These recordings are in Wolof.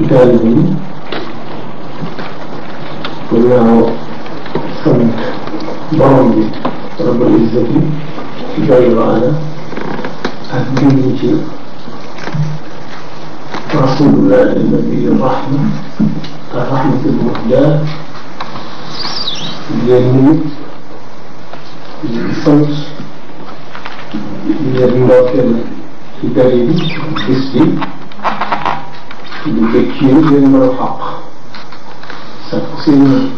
ci taalibe yi gannaaw sant borom bi rabbal izzati ci doy waana ak julli ci rasulullah nabi rahma arrahmatul muhda leen nuyu di sant leen ndokkeel ci tari bi bis bi bu fekkee yéen a mën a fàq sax seen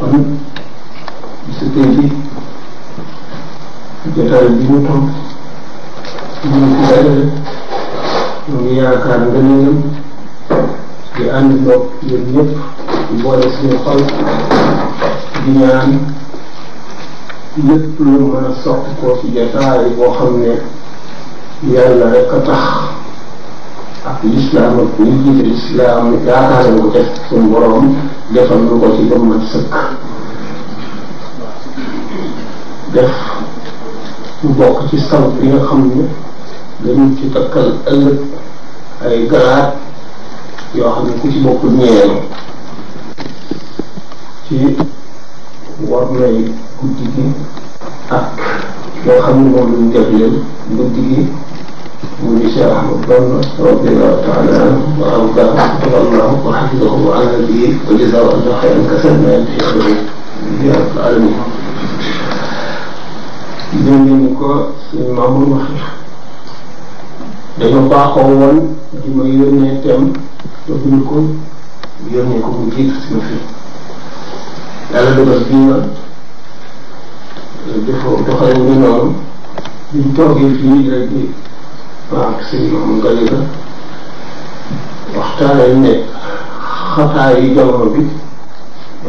kon bisu tey bi jotaay bi ñu toog ñu ngi ci dajale ñu ngi yaakaar nga leen di ànd ndox yéen ñëpp di boole suñu xol di ñaan lépp lu mën a soq koo ci jotaay boo xam ne yàlla rek a tax. ak lislaam ak ñi jiite lislaam yaakaare ko def suñu borom defal lu ko ci ba def ñu bokk ci saw bi nga xam ne dañu ci takkal ëllëg ay galaat yoo xam ne ku ci bokkul ñeelu ci war nay guddi ak yoo xam ne moom luñ def gi mu ngi Cheikh Ahmad Bamba radiyallahu taala anhu wa ardaahu radiyallahu wa hafdahu wa ala nabiyyihi wa jazaahu Allahu xayran kasiiran ma yantahi ya rabbal aalamiin dégg ngeen ko suñu Mamour waxee dañoo baaxoo woon di ma yónnee thème te buñ ko yónnee ko mu jiitu suñu fi yàlla dogal bii ma dafa doxalee ni noonu biñ toogee fii rek waaw sëñ moom gën la waxtaanee ne xataa yi jamono bi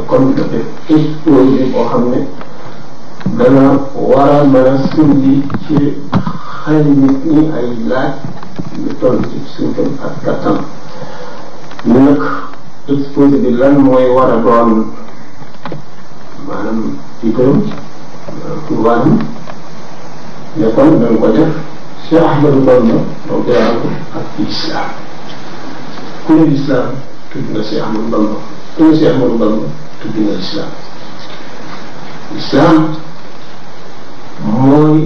kon dafa exposé boo xam ne dana war a mën a sindi ci xëy ay laaj lu toll ci ak kattan ñu nag exposé bi lan mooy war a doon maanaam ci këram tubaab ne kon dañ ko def Cheikh Ahmadou Bamba radiyallahu ak lislaam ku ne lislaam tudd na Cheikh Ahmadou Bamba ku ne Cheikh Ahmadou Bamba tudd na lislaam lislaam mooy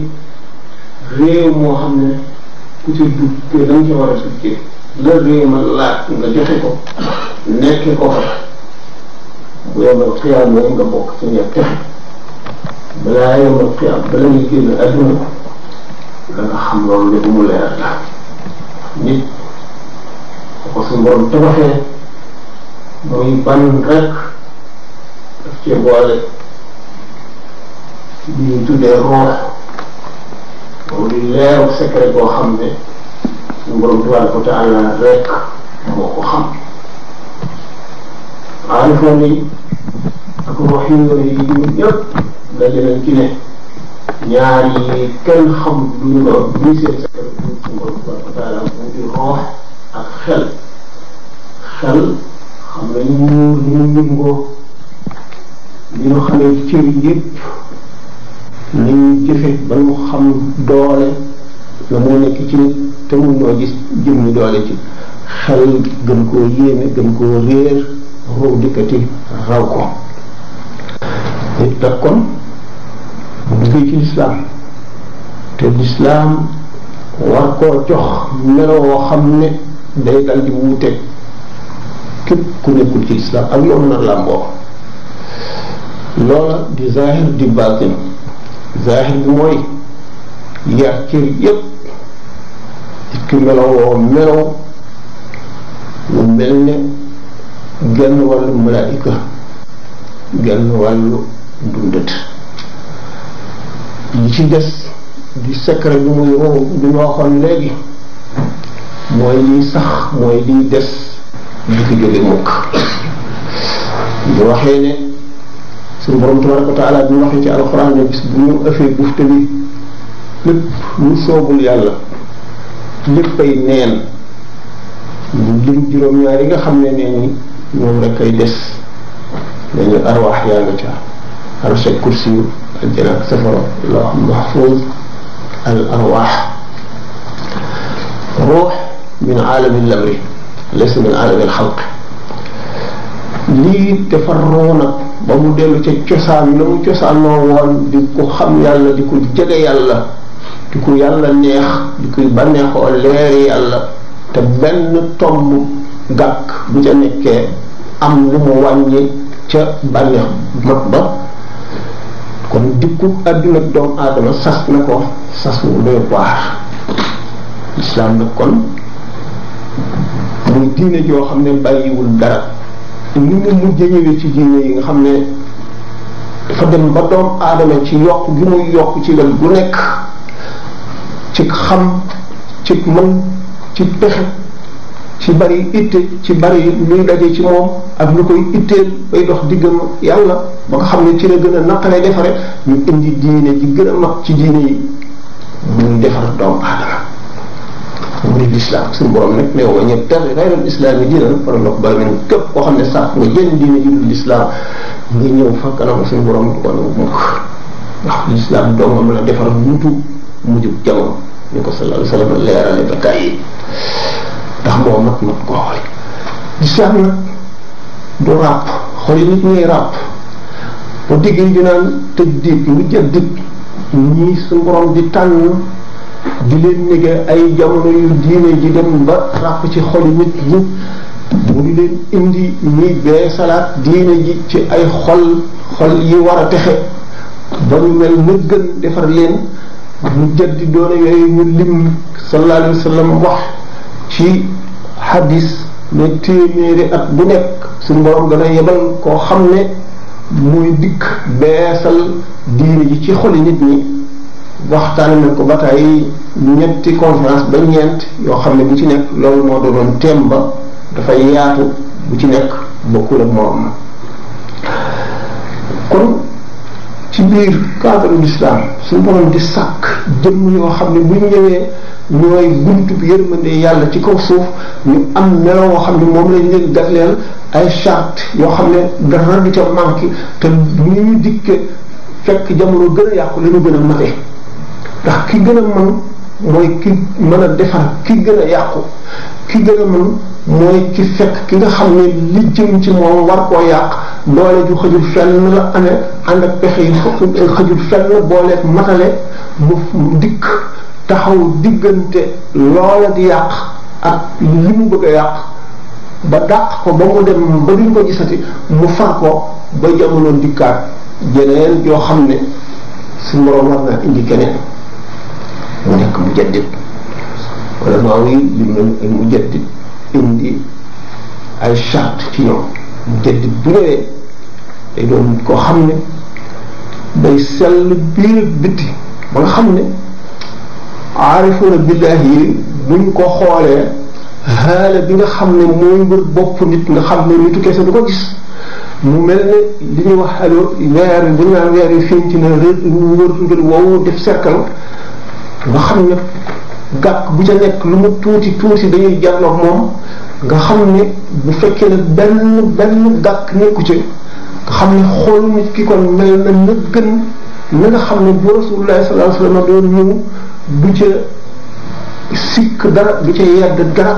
réew moo xam ne ku ci duggee da nga war a duggee la réew ma laaj nga joxe ko nekk ko fa bu yomal xiyaam nga bokk ci ña texe balaa yomal xiyaam bala ñuy génn adduna da nga xam loolu lépp mu leer nit ko suñu borom muy ban rek daf cee boole li ñuy tuddee roox boobu di leeru secret boo xam ne suñu borom tabaraka taala rek moo ko xam aarifoon yi ak roox yi yooyu daje nañ ci ne ñaar yi kenn xamul lu ñu doon muy seen sakal bu mu di roox ak xel xel xam nañu ni ñu yëngoo ni ñu xamee ci yëpp ni ñu jëfe ba mu xam doole la moo nekk ci nit te mun ñoo gis jëm doole ci xel gën koo yéeme gën koo réer roo dikkati raw ko nit kon duggee ci lislaam te lislaam war koo jox melo woo xam ne day dal di wuute képp ku nekkul ci lislaam ak yow na làmboo loola di zahir di baatin zahir bi mooy yar yépp it ki melo mu mel ne genn wàllu malaayika genn dundat li ci des di secret bi muy wow bi ma waxoon mooy liy sax mooy liy des li fi jóge mukk bu waxee ne suñu borom tabaraka wa taala bi mu waxee ci alxuraan ne bis bu ñu ëffee bufte bi lépp lu soobul yàlla léppay neen lu lim juróom-ñaar yi nga xam ne nee ni ñoom rek ay des dañu arwaax yaa nga ca arsa kursi ajjana ak safara la wax ruux min aalami lamri laysa min aalami al lii dafa roo nag ba mu dellu ca cosaan na mu cosaanoo woon di ko xam yàlla di ko jege yàlla di ko yàlla neex di koy bànneexoo leeri yàlla te benn tomb gàkk bu ca nekkee am lu mu wàññi ca bànneex mag ba kon dikku àdduna doomu aadama sas na ko sas wu doy waar islam nag kon muy diine joo xam ne bàyyiwul dara ni mu mujj ñëwee ci diine yi nga xam ne dafa dem ba doomu aadama ci yokk gi muy yokk ci la bu nekk ci xam ci mën ci pexe ci bari itte ci bari luy daje ci moom ak lu koy itteel bay dox diggam yàlla ba nga xam ne ci la gën a naqaree defare ñu indi diine ji gën a mag ci diine yi muy defar doomu aadama muy lislaam suñu borom nag ne wa ñëpp terre xayral islaam yi képp koo xam ne sax nga jënd diine ji dul lislaam nga ñëw fa kanam suñu borom du ko nangu mukk ndax lislaam doomam la defar wutu mujjub jamono ñu ko sallallahu alayhi wa sallam leerale ba tàyyi ndax moo mat mat koo xool lislaam nag du ràpp xol yi nit ñuy ràpp ba diggee ñu naan tëj dib mu jël dib ñii su borom di tànn di leen nege ay jamono yu diine ji dem ba ràpp ci xol yi mu di leen indi ñuy ci ay xol xol war a texe ba ñu mel na gën defar leen mu jël di doone yooyu ñu lim sallallahu wax ci hadis ne téeméeri at bu nekk suñ borom dana yebal koo xam ne muy dikk beesal diine ji ci xoli nit ñi waxtaane nañ ko ba tey ñetti conférence ba ñeent yoo xam ne bu ci nekk loolu moo doonoon thème dafay yaatu bu ci nekk bokkul ak morom kon ci biir cadre l'islam suñu borom di sàkk jëmm yoo xam ne bu ñu ñëwee ñooy buntu bi yërmande yàlla ci kaw suuf ñu am melo woo xam ne moom lañ leen gatleel ay charte yoo xam ne dara du ca manqué te bu ñu dikkee fekk jamono gën a yàqu la ñu gën a mate ndax ki gën a mën mooy ki mën a defar ki gën a yàqu ki gën a mën mooy ci fekk ki nga xam ne li jëm ci moom war koo yàq doole ju xëjul fenn la amee ànd ak pexe yi xëjul fenn booleeg matale mu dikk taxaw diggante loola di yàq ak li mu bëgg a yàq ba dàq ko ba mu dem ba duñ ko gisati mu far ko ba jamono dikkaat jeneen yoo xam ne suñu moroom war naa indi keneen mu nekk mu jaddit maawi li mu mu indi ay charte ci ñoom te bu ñëwee day doon koo xam ne day sell biir bitti ba nga xam ne aarifuna billahi buñ ko xoolee xaala bi nga xam ne mooy wër bopp nit nga xam ne nitu kese du ko mu mel ne li ñuy wax allo weer bi ñu naan weer yi feeñ ci na wër ngir wow def cercle nga xam ne gàkk bu ca nekk lu mu tuuti tuuti dañuy jàlloog moom nga xam ne bu fekkee ne benn benn gàkk nekku ci nga xam ne xool nit ki kon mel na na gën na nga xam ne bu rasulullah sallallahu alayhi wasallam doon ñëw bu ca sikk dara du ca yedd dara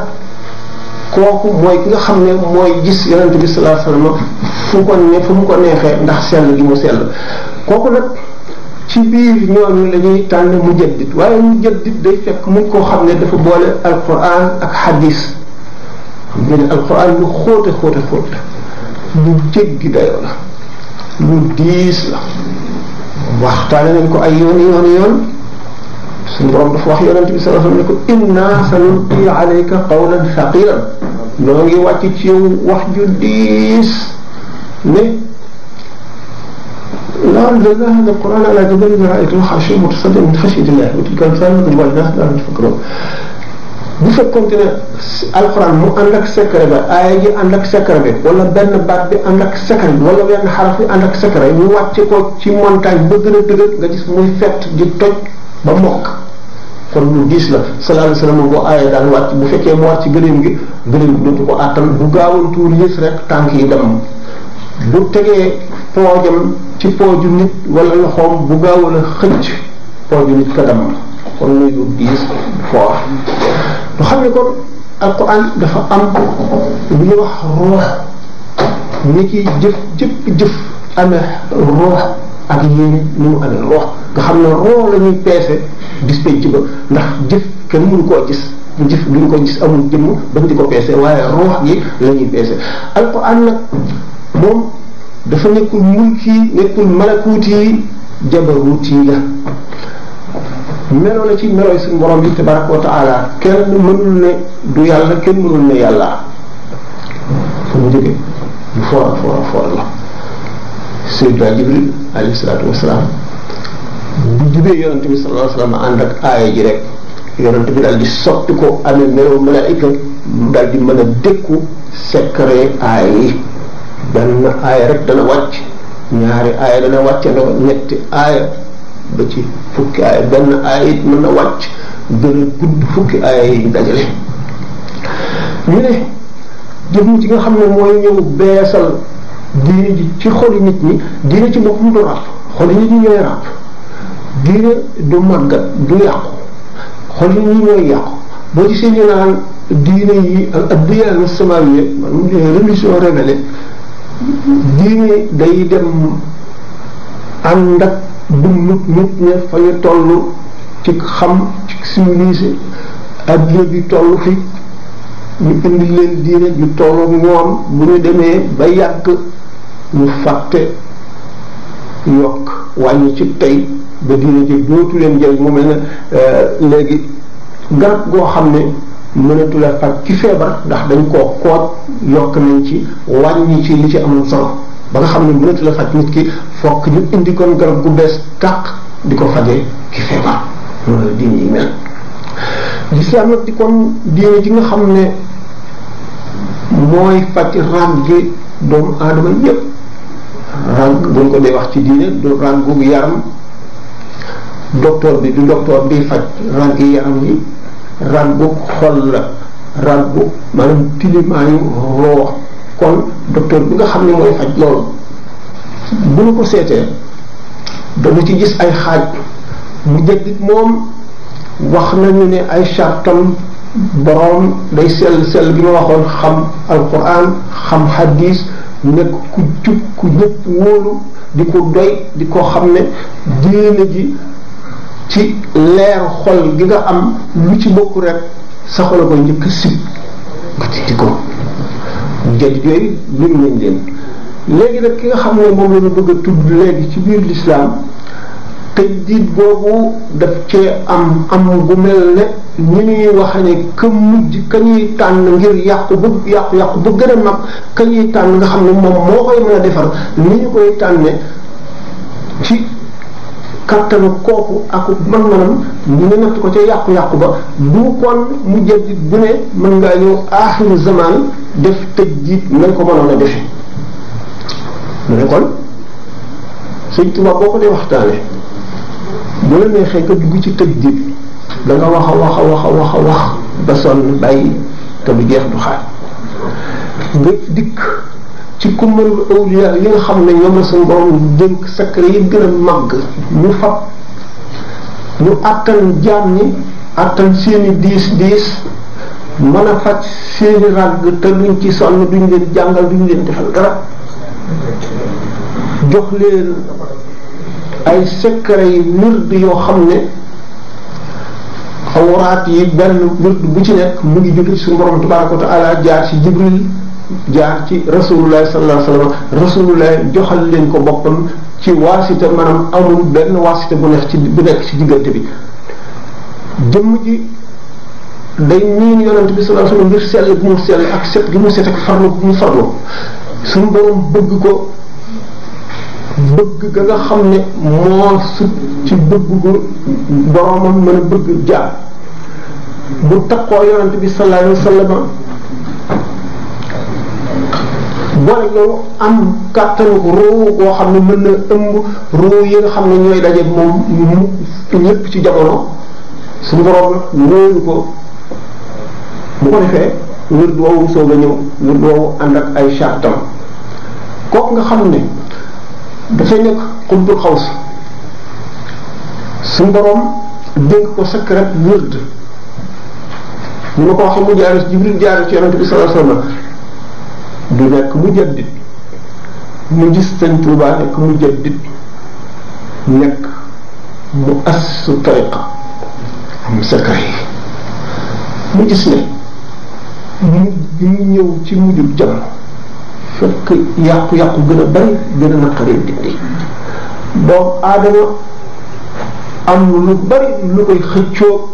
kooku mooy ki nga xam ne mooy gis yonente bi sallallahu alayhi wasallam fu ko ne fu mu ko neexee ndax sell gi mu sell kooku nag ci biir ñooñu la ñuy tànn mujaddid waaye mujaddid day fekk mu koo xam ne dafa boole alquran ak hadis xam ngeen ne alquran lu xóote xóote xóote lu jéggi dayoo la lu diis la waxtaane nañ ko ay yoon yoon yoon suñu borom dafa wax yonent bi sallallahu alayhi wa sallam ne ko inna sanulqi alayka qawlan thaqilan noo ngi wàcc ci yow wax ju diis ne لا أنزلنا هذا القرآن على جبل فرأيته خاشع متصدع من خشية الله وتلك الأمثال نضربها للناس لعلهم يفكرون bu fekkoon ne alxuraan mu ànd ak secret ba aaya ji ànd ak secret bi wala benn baat bi ànd ak secret bi wala benn xaraf bi ànd ak secret ñu wàcce ko ci montagne ba gën a dëgër nga gis muy fett di toj ba mokk kon lu diis la sallallahu alayhi wasallam boo aaya daan wàcc bu fekkee mu wàcc gëléem gi gëléem gi dootu ko àttan bu gaawoon tuur yées rek tànk yi dem bu tegee poojam ci pooju nit walla loxoom bu gaawoon a xëcc pooju nit ka damam kon muy lu diis foor lu xam ne kon alquran dafa am lu ñuy wax ruux ni ki jëf jëpp jëf amee ruux ak yéene ni mu amee ruux xam ne ruux la ñuy peese dispéñ ci ba ndax jëf kenn mënu koo gis jëf duñ ko gis amul jëmm bañ di ko peese waaye ruux gi la ñuy peese alquran nag moom dafa nekkul mulki nekkul malakuuti jabaruuti la meloo la ci melooy suñu borom bi tabaraka wa kenn mënul ne du yàlla kenn mënul ne yàlla fu mu jógee lu foora foora foora la Seydina Jibril alayhi wasalaam bu jubee yonante bi sallallahu alayhi wasallam ànd ak aaya ji rek yonante bi daal di sotti ko amee meloo malaayika mu di mën a dékku secret aaya yi benn aaya rek dana wàcc ñaari aaya dana wàcc ñetti aaya ba ci fukki aaya benn aaya it mën na wàcc gën gudd fukki aaya yi dajale ñu ne jëm ci nga xam ne mooy ñëw beesal diine ji ci xoli nit ñi diine ci boppam du ràpp xoli nit ñi ñooy ràpp diine du màggat du yàqu xoli nit ñooy yàqu boo gisee ñu naan diine yi ak ak biyaanu samawiya maanaam religion révélée diine day dem ànd ak dund nit ña fa ñu toll ci xam ci civilisé adduna bi toll fi ñu indi leen diine ju tollook moom bu ñu demee ba yàgg ñu fàtte yokk wàññi ci tey ba diine ci dootu leen jël mu mel ne euh, léegi garab goo xam ne mënatula la faj ci feebar ndax dañ koo kooj yokk nañ ci wàññi ci li ci amul solo ba nga xam ne mënatu la faj nit ki fokk ñu indi kon garab gu bees tàq di ko faje ci feebar loolu la diine yi mel lislaam di kon diine ji nga xam ne mooy faj ràggi doomu aadama yépp ràgg buñ ko dee wax ci diine du ràggu yaram docteur bi du docteur bi faj ràggi yaram yi ràbbu xol la ràbbu maanaam tilimaayu roox kon docteur bi nga xam ne mooy faj loolu bu ñu ko seetee dama ci gis ay xaaj mu jëggit moom wax nañu ne ay chartam boroom day sell sell gi ma waxoon xam alquran xam hadis nekk ku jub ku ñëpp wóolu di ko doy di ko xam ne diine ji ci leeru xol gi nga am lu ci bokk rek sa xol koy njëkk si nga titi ko jaj jooyu luñu lañ leen léegi nag ki nga xam ne moom la ñu bëgg tudd léegi ci biir lislaam tajdiid boobu def cee am am gu mel ne ñi ñuy wax ne ka mujj ka ñuy tànn ngir yàqu ba yàqu yàqu ba gën a mag ka ñuy tànn nga xam ne moom moo koy mën a defar ni ñu koy tànne ci kattanu kooku ak mën-mënam ñu natt ko ca yàqu-yàqu ba du kon mu jël bu ne mën ngaa ñëw aaxiru zaman def tëj ji nañ ko mënoon a defee mu ne kon sëñ Tuubaa boo ko dee waxtaane bu la neexee nga dugg ci tëj ji da nga wax a wax a wax a wax ba sonn bàyyi te du jeex du xaar nga dikk ci kummalul awliya yi nga xam ne ñoom la suñu borom dénk secret yi gën a màgg ñu fab ñu àttan jaam ñi àttan seeni diis diis mën a faj seeni ràgg te duñ ci sonn duñ leen jàngal duñu leen defal dara jox leen ay secret yi wird yoo xam ne awraat yi benn wird bu ci nekk mu ngi jóge ci suñu borom tabaraka wa taala jaar ci jibril jaar ci rasulullah sallallahu alayhi wa joxal leen ko boppam ci waasita maanaam amul benn waasita bu nekk ci bu nekk ci diggante bi jëmm ji day ñiin yonent bi sallallahu alayhi ngir sell bu mu sell ak set gi mu set ak farlu gi mu farlu suñu borom bëgg ko bëgg ka nga xam ne moo sut ci bëgg gu boromam mën a bëgg jaar bu takkoo yonent bi sallallahu alayhi boole yow am kàttanu ruu boo xam ne mën na ëmb ruu yi nga xam ne ñooy daje moom mu ñëpp ci jamono suñu borom ñooñu ko bu ko defee wird woowu soog a ñëw wird woowu ànd ak ay chartam kooku nga xam ne dafay nekk xutbul xaw si suñu borom dénk ko secret wird ñu ma ko waxee jaare Jibril jaare ci yonente bi sallallahu alayhi du nekk mu jaddit mu gis sëñ Tuubaa mu jaddit nekk mu as su tariqa am secret yi mu gis ne mu ñu ñëw ci mujjub jamono fekk yàqu-yàqu gën a bari gën a dindi doomu aadama am lu bari lu koy xëccoo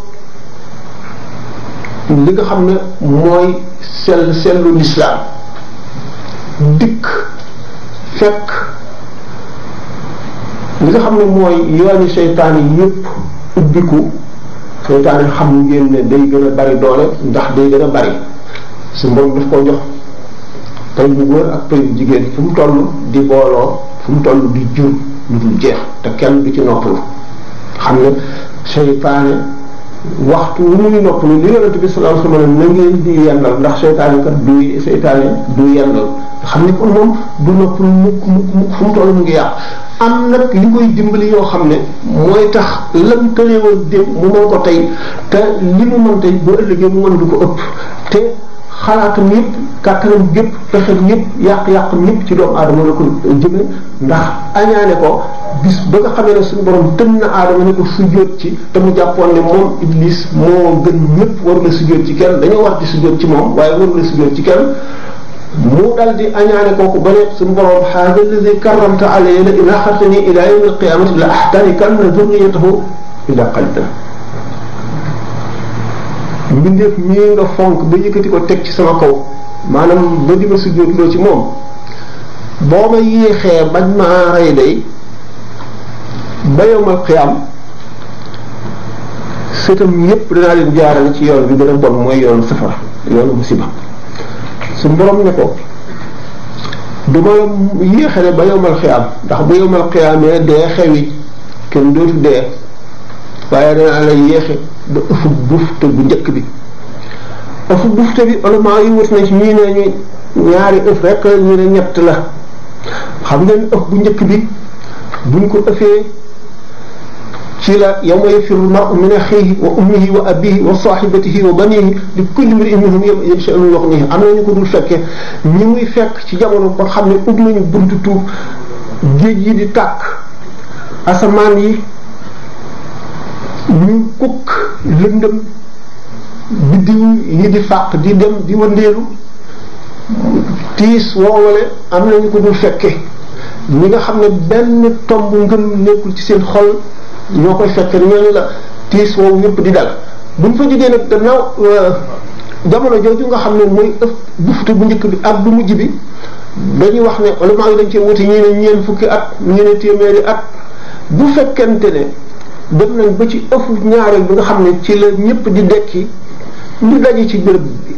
li xam ne mooy sell sellu lislaam dikk fekk li nga xam ne mooy yooni seytaan yi yëpp ubbiku seytaan yi xam ngeen ne day gën a bari doole ndax day gën a bari su mbon daf koo jox tey bu góor ak tey bu jigéen fu mu toll di booloo fu mu toll di jur lu dul jeex te kenn du ci noppalu xam ne seytaane waxtu wu muy noppalu li yonent bi sallallahu alayhi wasallam na ngeen di yendal ndax seytaane kat du seytaane du yendal xam ne kon moom du noppalu mukk mukk mukk fu mu toll mu ngi yàq am nag li dimbali yoo xam ne mooy tax lam tëlewoon dem mu mën ko tey te li mu mën tey bu ëllëgee mu mën du ko ëpp te xalaatam yëpp kàttanam gépp pexem yëpp yàq yàq yëpp ci doomu aadama la ko jëme ndax añaane ko bis ba nga xamee ne suñu boroom tën na aadama ni ko sujjóot ci te mu jàppoon ne moom iblis moo gën ñëpp waru la sujjóot ci kenn dañoo war di sujjóot ci moom waaye waru la sujjóot ci kenn mu dal di añaane kooku ba ne suñu borom haada alladi karramta alayya la in axartani ila yawmi alqiyamati la ahtanikanna dhurriyatahu ila qalila mbindeef mii nga fonk ba yëkkati ko teg ci sama kow maanaam ba di ma sujjóotloo ci moom boo ma yéexee bañ ma rey day ba yowmal xiyaam sëtam yépp danaa leen jaaral ci yoon bi gën bon mooy yoonu safara yoonu musiba suñ borom ne ko du ma yéexale ba yowmal xiyaam ndax bu yowmal xiyaamee dee xewi kenn dootu dee waaye danaa la yéexe ba ëfu bufte bu njëkk bi ëfu bufte bi ulamaa yi wut na ci ñii ne ñu ñaari ëf rek ñu ne ñett la xam ngeen ëf bu njëkk bi buñ ko ëfee qiila yawma yafirru l-mar'u min axiihi wa ummihi wa abiihi wa saahibatihi wa baniihi li kulli imri'in minhum sha'nun yughniihi am nañu ko dul fekkee ñi muy fekk ci jamono ba xam ne ubbi nañu buntu tuub géej yi di tàkk asamaan yi ñu kukk lëndëm biddiw yi di fàq di dem di wëndeelu tiis woowale am nañu ko dul fekke mi nga xam ne benn tomb ngëm nekkul ci seen xol ñoo koy fekk ñooñu la tiis woowu ñëpp di dal buñ fa jógee nag gannaaw euh, jamono jooju nga xam ne mooy ëpp buftu bu njëkk bi ak bu mujj bi dañuy wax ne ulama yi dañ cee wuti ñii ne ñeen fukki at ñii ne téeméeri at bu fekkente ne dem nañ ba ci ëpp ñaareel bi nga xam ne ci leen ñëpp di dekki ñu daje ci bërëb bi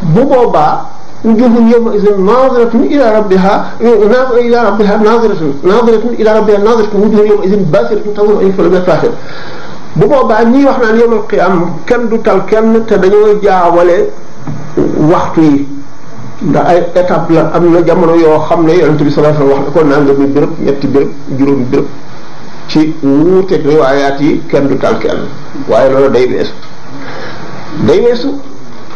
bu boobaa wujuhun yawma idhin naziratun ila rabbiha ila rabbiha naziratun naziratun ila rabbiha naziratun wujuhun yawma idhin basiratun tanzuru ayyu shay'in ahsana bu boobaa ñii wax naan yawmal qiyaam kenn du tal kenn te dañoo jaawale waxtu yi ndax ay étape la am na jamono yoo xam ne yonent bi sallallahu alayhi wasallam wax na ko nangami béréb ñetti béréb juróomi béréb ci wuuteeg riwaayaat yi kenn du tal kenn waaye loolu day weesu day weesu.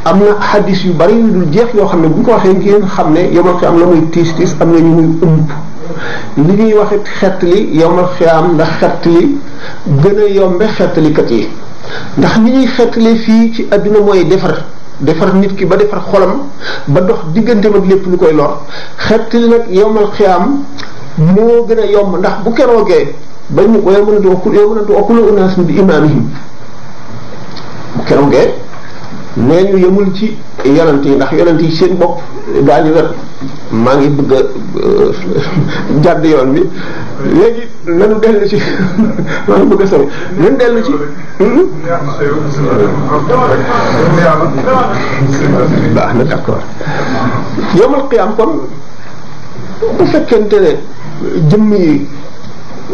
am na xadis yu bari yu dul jeex yoo xam ne bu ñu ko waxee ngeen xam ne yomal xiyaam la muy tiis tiis am na ñu muy ëmb li ñuy wax it xett li yomal xiyaam ndax xett gën a yombe xett yi ndax li ñuy xett fii ci àdduna mooy defar defar nit ki ba defar xolam ba dox digganteem ak lépp lu koy lor xett li nag yomal xiyaam moo gën a yomb ndax bu keroogee ba ñu waaye mënatu okul yow mënatu okul unaas bi imaamihim bu keroogee nee ñu yemul ci yonent yi ndax yonent yi seen bopp daañu ne maa ngi bëgg jàdd yoon bi léegi nanu dellu ci maa ngi bëgg a euh, nanu dellu ci. Hmm? baax na d'accord yomal qiyaam kon bu fekkente ne jëmm yi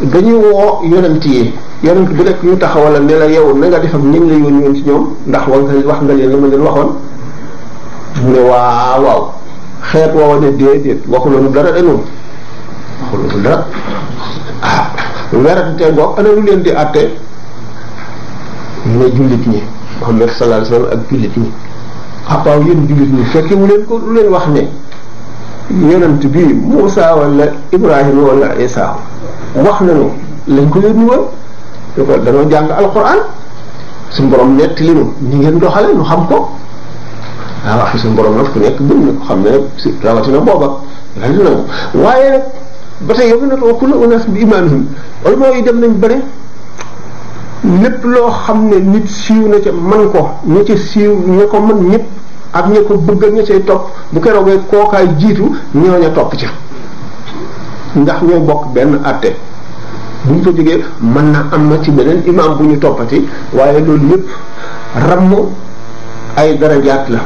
dañuy woo yonent yi. yonent bi rek yu taxawalal ne la yow na nga def ak nañ la yónni woon ci ñoom ndax wax nga leen la ma leen waxoon mu ne waaw waaw xeet woowa ne déedéet waxuloonu dara de noonu waxuloonu dara ah werante ngoog ana lu leen di àtte mu ne jullit ñi Muhammad sallallahu ak jullit ñi apaaw yéen jullit ñi fekk mu leen ko lu leen wax ne yonent bi Muusa wala Ibrahima wala Isa wax nañu lañ ko yónni woon ñu ko danoo jàng alquran suñ borom netti li nu ñi ngeen doxale nu xam ko waaw ah, wax suñ borom nag ku nekk gëm na ko xam ne si rawatina booba rawatina booba waaye nag ba tey yow nag wa kullu unaas bi yi dem nañ bëre lépp loo xam ne nit siiw na ca ko ña ca siiw mën ñëpp ak ña ko ña cay topp bu keroogee kookaay jiitu ñooña topp ca ndax ñoo bokk benn àtte bu ñu fa jógee mën na am na ci beneen imaam bu ñu toppati waaye loolu yëpp ramm ay darajaat la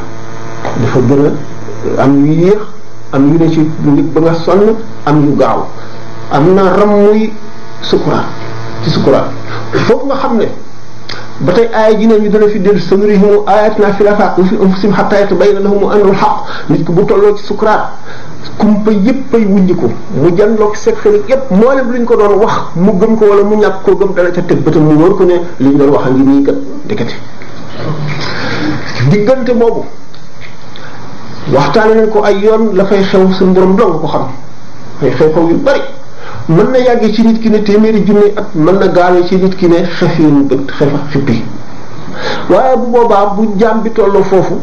dafa gën a am yu yéex am yu ne ci nit ba nga sonn am yu gaaw am na rammuy sukuraat ci sukuraat foofu nga xam ne ba tey aaya ji ne ñu dana fi dellu sanurihim ayatina fil afaq wa fi anfusihim hatta yatabayyana lahum annahul haqq nit ko bu tolloo ci sukuraat kumpa yépp ay wuññiku mu janloog secret yépp mboolem lu ñu ko doon wax mu gëm ko wala mu ñàkk koo gëm dana ca tëg bëtam mu wóor ko ne li ñu doon wax a ngi nii kat dëkkati diggante boobu waxtaane nañ ko ay yoon la fay xew suñu borom dong ko xam ay xew yu bari mën na yàggee ci nit ki ne téeméeri junni at mën na gaawee ci nit ki ne xefinu bët xefa xippi waaye bu boobaa bu jaam bi tolloo foofu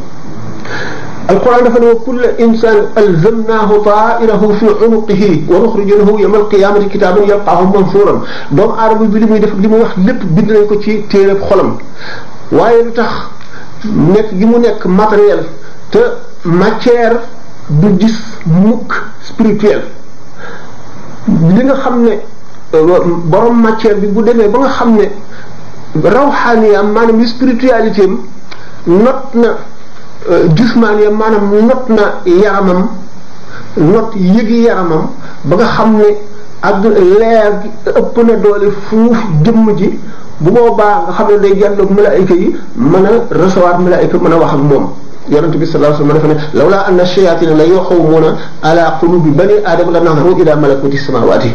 alquran dafa ne wa kulla insaan alzamnaahu taa'irahu fi unuqihi wa nuxriju lahu yawma alqiyaamati kitaaban yalqaahu mansuuran doomu aadama bi li muy def li muy wax lépp bind nañ ko ci téereb xolam waaye lu tax nekk gi mu nekk matériel te matière du gis mukk spirituel li nga xam ne borom matière bi bu demee ba nga xam ne rawxaaniyaam maanaam spiritualité am not na euh, jismaaniyaam maanaam not na yaramam not yëgi yaramam ba nga xam ne àdduna leer gi ëpp na doole fuuf jëmm ji bu baax nga xam ne day jàlloog malaayika yi mën a recevoir malaayika mën a wax ak moom yonent bi sallallahu alayhi wasallam dafa ne lawla anna shayatina la yuxawmuna ala qulubi bani aadama la naxaru ila malakuti samawati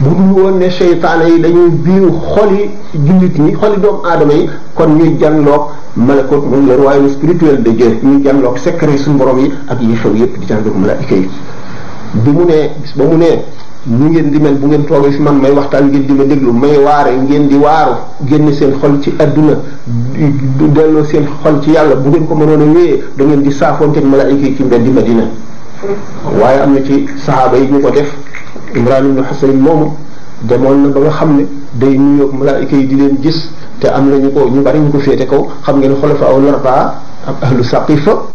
bu dul woon ne seytaane yi dañuy biiw xoli jullit ñi xoli doomu aadama yi kon ñuy jàngloog malakut muy le royaume spirituel de Dieu ñuy jàngloog secret suñu borom yi ak yi xew yépp di jàngloog malaika yi bi mu ne bis ba mu ne ñu ngeen di mel bu ngeen toogee fi man may waxtaan ngeen di ma déglu may waare ngeen di waaru génne seen xol ci àdduna du delloo seen xol ci yàlla bu ngeen ko mënoon a wéyee da ngeen di saafoonteeg malaayika yi ci mbedd Madina waaye am na ci sahaaba yi ñu ko def Imran ibn Husayn moomu demoon na ba nga xam ne day nuyoog malaayika yi di leen gis te am nañu ko ñu bari ñu ko féete kaw xam ngeen xulafa aw larba ak ahlu saqifa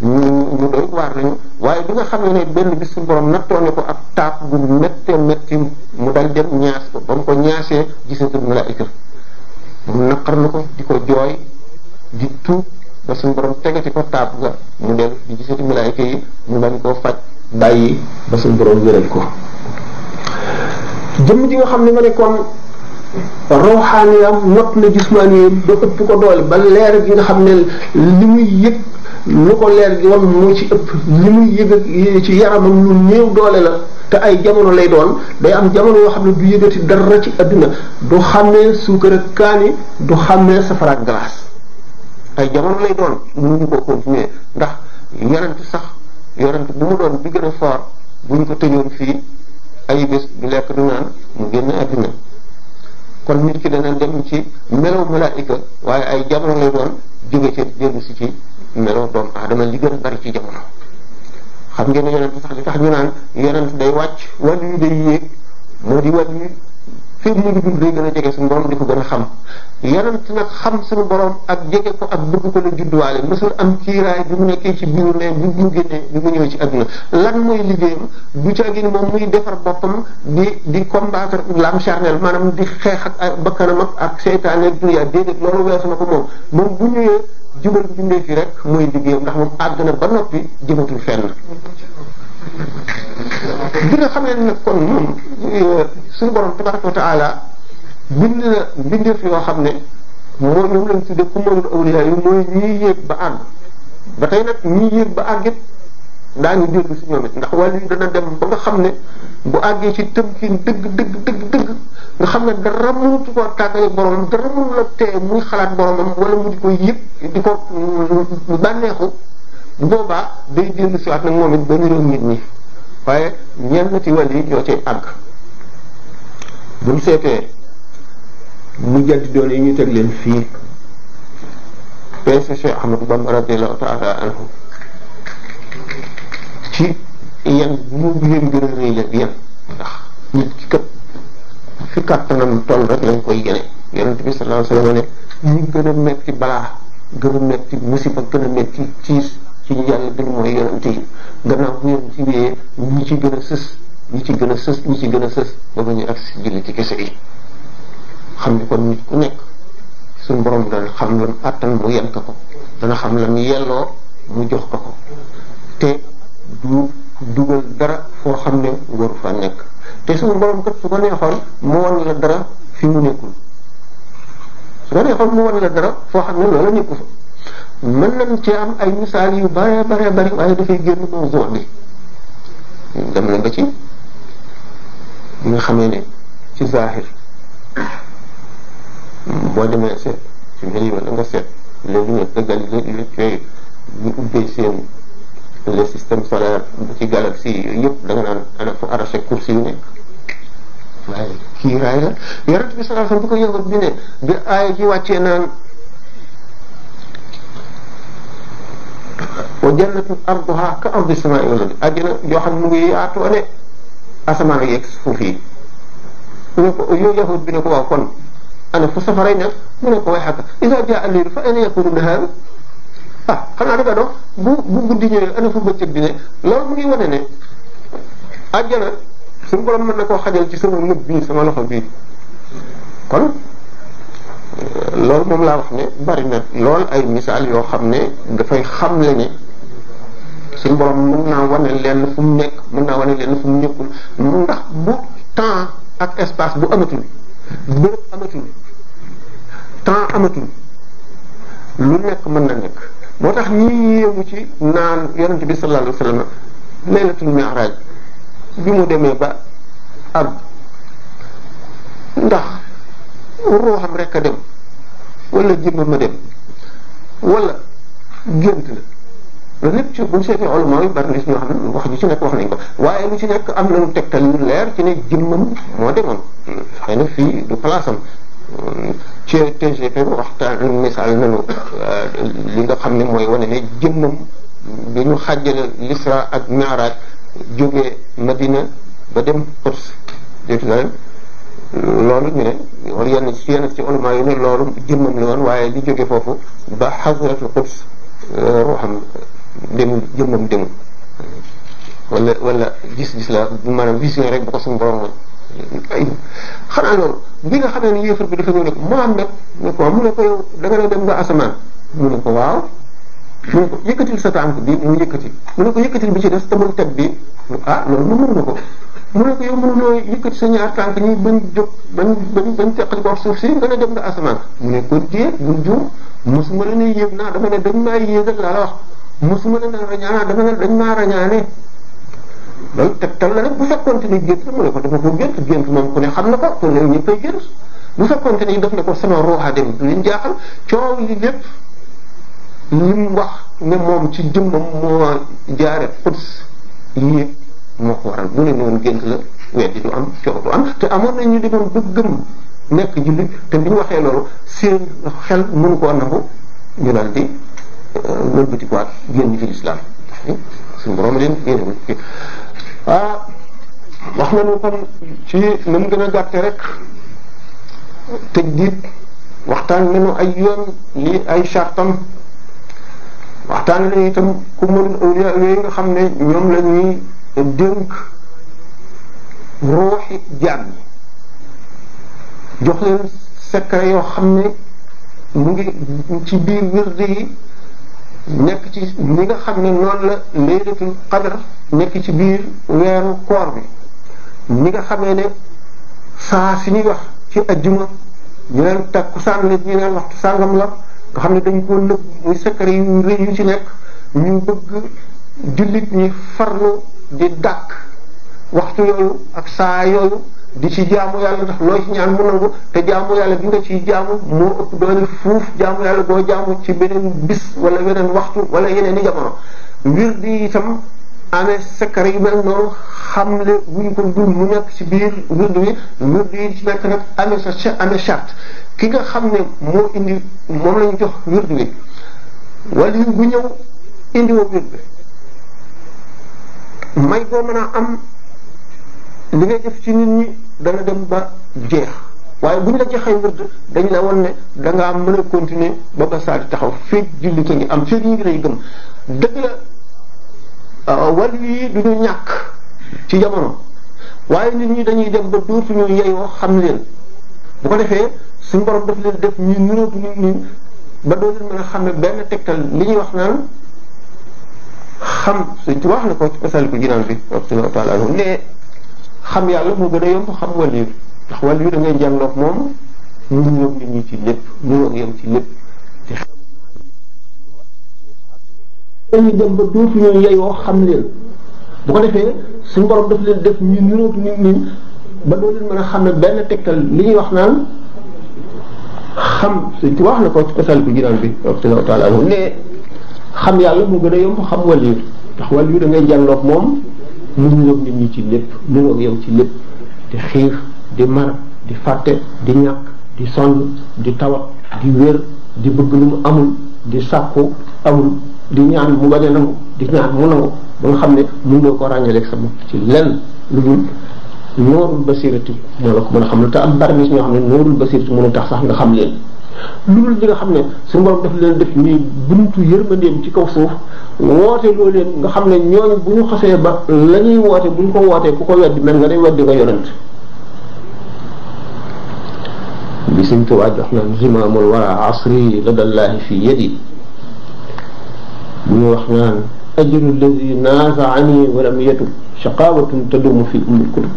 ñu ñu doy waar waaye bi nga xam ne benn bis suñu borom nattoone ko ak taab bu méttee métti mu dal dem ñaas ko ba mu ko ñaasee gisatul malaayika mu naqar lu ko di ko jooy di tuub ba suñu borom tegati ko taab ga mu del di gisati malaayika yi mu bañ koo faj bàyyi ba suñu borom wéral ko jëmm ji nga xam ne ma ne kon rawxaaniyam mot na jismaaniyam ba ëpp ko doole ba leer gi nga xam ne li muy yëg lu ko leer gi wan moo ci ëpp li muy yëg ci yaramam lu néew doole la te ay jamono lay doon day am jamono yoo xam ne du yëgati dara ci àddina du xàmmee suukar ak kaani du xàmmee safara ak glace ay jamono lay doon ko continuer ndax yonent sax yonent bu mu doon bi gën a fii ay bés du lekk du naan mu génn àddina kon nit ki dana dem ci melaw malaayika waaye ay jamono lay doon jóge ci dellu si ci meloo doomu aadama li gën a bari ci jamono xam ngeen ne yonent sax li tax ñu naan yonent day wàcc wàllu yu day yéeg moo di wàllu yu fii mu ngi dund gën a jege suñu borom di ko gën a xam yonent nag xam suñu borom ak jege ko ak bëgg ko la judduwaale am kiiraay bi mu nekkee ci biir mais bi mu génnee bi mu ñëw ci àdduna lan mooy liggéeyam du ca gi moom muy defar boppam di di combattre l'âme charnelle maanaam di xeex ak bakkanam ak seytaane ak dunya déedéet loolu weesu na ko moom moom bu ñëwee jubal bindee fi rek mooy liggéeyam ndax moom àgg na ba noppi jëmatul fenn bi nga xam ne nag kon moom suñu borom wa taala bind na mbindeef yoo xam ne moo ñoom lañ tuddee ku mënul awliya mooy ñii yéeg ba àgg ba tey nag ñii yéeg ba àgg daañu dellu si ñoom ndax wàllu yi dana dem ba nga xam ne bu àggee ci tëmkin dëgg dëgg dëgg dëgg nga xam ne dara mënut koo tàggale boromam dara mënul la tee muy xalaat boromam wala mu di ko yëpp di ko bànneexu bu boobaa day dellu si waat na moom it ba niroog nit ñi waaye ñenn ci wàll yi ñoo ci àgg buñ seetee mu jaddi doon yi ñu teg leen fii peese Cheikh Ahmadou Bamba radiyallahu ta'ala anhu ci yan mu yéen gën a réy la yéen ndax nit ki kat fi kàttanam toll rek lañ koy yene yonent bi sallallahu alayhi wasallam ne ñi gën a metti balaa gën a metti musiba gën a metti ciis ci ñu yàlla gën mooy yonent yi gannaaw bu yonent ci gën a sës ñi ci gën a sës ñu ci gën a sës ba ba ñu ak si julli ci kese yi xam ni kon nit ku nekk suñ borom dana xam lam àttan mu yen ka ko dana xam lam yelloo mu jox ka ko te du dugal dara foo xam ne waru fa nekk te suñu borom kat su ko neexoon mu won la dara fi mu nekkul su ko neexoon mu won la dara foo xam ne loola nekku fa mën nañ ci am ay misaal yu bare bare bare waaye dafay génn mawdu bi dem na ba ci bi nga xamee ne ci zahir boo demee seet ci mel seet léegi ubbee seen le système solaire bu ci galaxie yooyu yëpp da nga naan ana fu arraché kursi yu nekk waaye kii raay la yonent bi sallallahu alayhi wasallam bu ko yëngal bi ne bi aaya ji wàccee naan wa jannatu arduha ka ardi samaa'i wal ardi àjjana yoo xam ne mu ngi yaatoo ne asamaan ak yeeg suuf yi ñu ko yooyu yahud bi ne ko waaw kon ana fu safaray ne mu ne ko way xaka iza jaa al-layl fa ayna yakunu an-nahaar ah xanaa dafa dox bu bu guddi ñëwee ana ba bëccëg di ne loolu mu ngi wane ne àjjana suñu borom mën na koo xajal ci sama nëb bii sama loxo bii kon euh, loolu moom laa wax ne bari na lool ay misaal yoo xam ne dafay xam xamle ne suñ borom mën naa wane lenn fu mu nekk mën naa wane lenn fu mu nekkul ndax bu temps ak espace bu amatul bërëb amatul temps amatul lu nekk mën na nekk moo tax ñii yéemu ci naan yonent bi sallallahu alayhi wa sallam laylatul mi'raj bi mu demee ba ard ndax ruuxam rek rekka dem wala jëmmam a dem wala gént la loolu lépp ci buñ seetee ulama yi bari na wax ji ci nekk wax nañ ko waaye lu ci nekk am nañu tegtal yu leer ci ne jëmmam moo demoon xëy na fii du place ci TGP waxtaan misaal nañu li nga xam ne mooy wane ne jëmmam bi ñu xàjjale l'isra ak mi'raj jógee Madina ba dem Quds Jérusalem loolu ñu ne wala yenn si yenn si loolu jëmmam la woon waaye li jóge foofu ba xasratul Quds ruuxam euh, demul jëmmam demul wala wala gis-gis la maanaam vision rek bu ko suñu borom ayib xanaa loolu bi nga xamee ni yéefar bi dafa ñëw ne ko moo ne ko mu ne ko yow da nga ne dem ba asamaan mu ne ko waaw mu ne ko yëkkatil sa tànk bi mu mu ci des te teg bi ah loolu mu ko mu ne ko yow mënuloo yëkkati sa ñaar tànk ñi bañ jóg bañ bañ bañ teqali suuf si nga ne dem nga asamaan mu ne ko déet bul juum mosuma la ne yéeg naa dama ne dañ maa yéegal laa la wax mosuma la ne rañaa dama ne dañ maa rañaane loolu tegtal la nag bu fekkonte ni gént la mu ne gént gént moom ku ne xam na ko ku ne ñëppay gént bu fekkonte ni def ne ko sama ruuxa dem du leen jaaxal coow li lépp lim wax ne moom ci jëmmam moo jaare xuds yii gént la weddi du am te amoon na ñu demoon ba nekk jullit te bi ñu waxee loolu seen xel mënu koo nangu ñu daal di euh, wëlbatikuwaat génn ci lislaam suñu borom leen ah wax nañu kon ci na mu gën a gàtte rek tëj diit waxtaan nañu ay yoon lii ay chartam waxtaan nañu itam ku mën awliya yooyu nga xam ne ñoom la ñuy dénk ruuxi jaam yi jox leen secret yoo xam ne mu ngi ci biir wird yi nekk ci li nga xam ne noonu la qadr nekk ci biir weeru koor bi ni nga xamee ne saa si ñuy wax ci ajjuma ñu leen takkusaan la ñu leen waxtu la nga xam ne dañ ko nëbb muy secret yu rëy yu ci nekk ñu bëgg jullit ñi farlu di dàkk waxtu yooyu ak saa yooyu di ci jaamu yàlla ndax loo ci ñaan mu nangu te jaamu yàlla gi nga ciy jaamu moo ëpp doole fuuf jaamu boo jaamu ci beneen bis wala beneen waxtu wala yeneen i jamono mbir di itam amee secret yu mel noonu xam ne bu ñu ko mu nekk ci biir wird wi wird yi ci nekk nag amee sa amee ki nga xam ne moo indi moom lañu jox wird wi wala yu ñëw indi woo wird may boo mën am li ngay def ci nit ñi dana dem ba jeex waaye bu ñu la joxee wërd dañu la won ne danga ngaa mën a continuer ba ba saa taxaw feeg jullit a ngi am feeg ñi ngi lay gëm dëgg la euh, wàll ñu ñàkk ci jamono waaye nit ñi dañuy dem ba dootuñu yeyoo xam leen bu ko defee suñu borom def leen def ñu nirootu nit ñi ba doo leen mën a xam ne benn tegtal li ñuy wax naan xam suñ ci wax na ko ci masal ko jinaan fi wa taala anhu ne xam yàlla moo gën a yomb xam wàllu ndax wàllu yu da ngay jànloog moom ñu ñoom nit ñi ci lépp ñu ñoom yem ci lépp te dañu dem ba dootu ñu yeyoo xam leen bu ko defee suñ borom daf leen def ñu nirootu nit ñi ba doo leen mën a xam ne benn tegtal li ñuy wax naan xam suñ wax na ko ci kosal ko jinaan bi radiyallahu taala anhu ne xam yàlla moo gën a yomb xam wàllu ndax wàllu yu da ngay jànloog moom mu mënuñoo nit ñi ci lépp mënoo yow ci lépp di xiif di mar di fàtte di ñàkk di sonn di tawat di wér di bëgg lu mu amul di sàkku amul di ñaan mu bañ a nangu di ñaan mu nangu ba nga xam ne mënoo ko ràññaleeg sa bopp ci lenn lu dul noorul basirati moo la ko mën a xam ne te am bari na si ñoo xam ne noorul basirati mënu tax sax nga xam leen lu dul ñi nga xam ne su borom daf leen def ñuy buntu yërmandeem ci kaw suuf woote loo leen nga xam ne ñooñ bu ñu xasee ba la ñuy bu ñu ko wootee ku ko weddi mel nga day weddi nga yonent bi suñ tubaa jox na zimaamul wara asri ladallaahi fi yadi bu wax naan ajru lladi naazaani walam yatub shaqawatun tadumu fi ummil kutub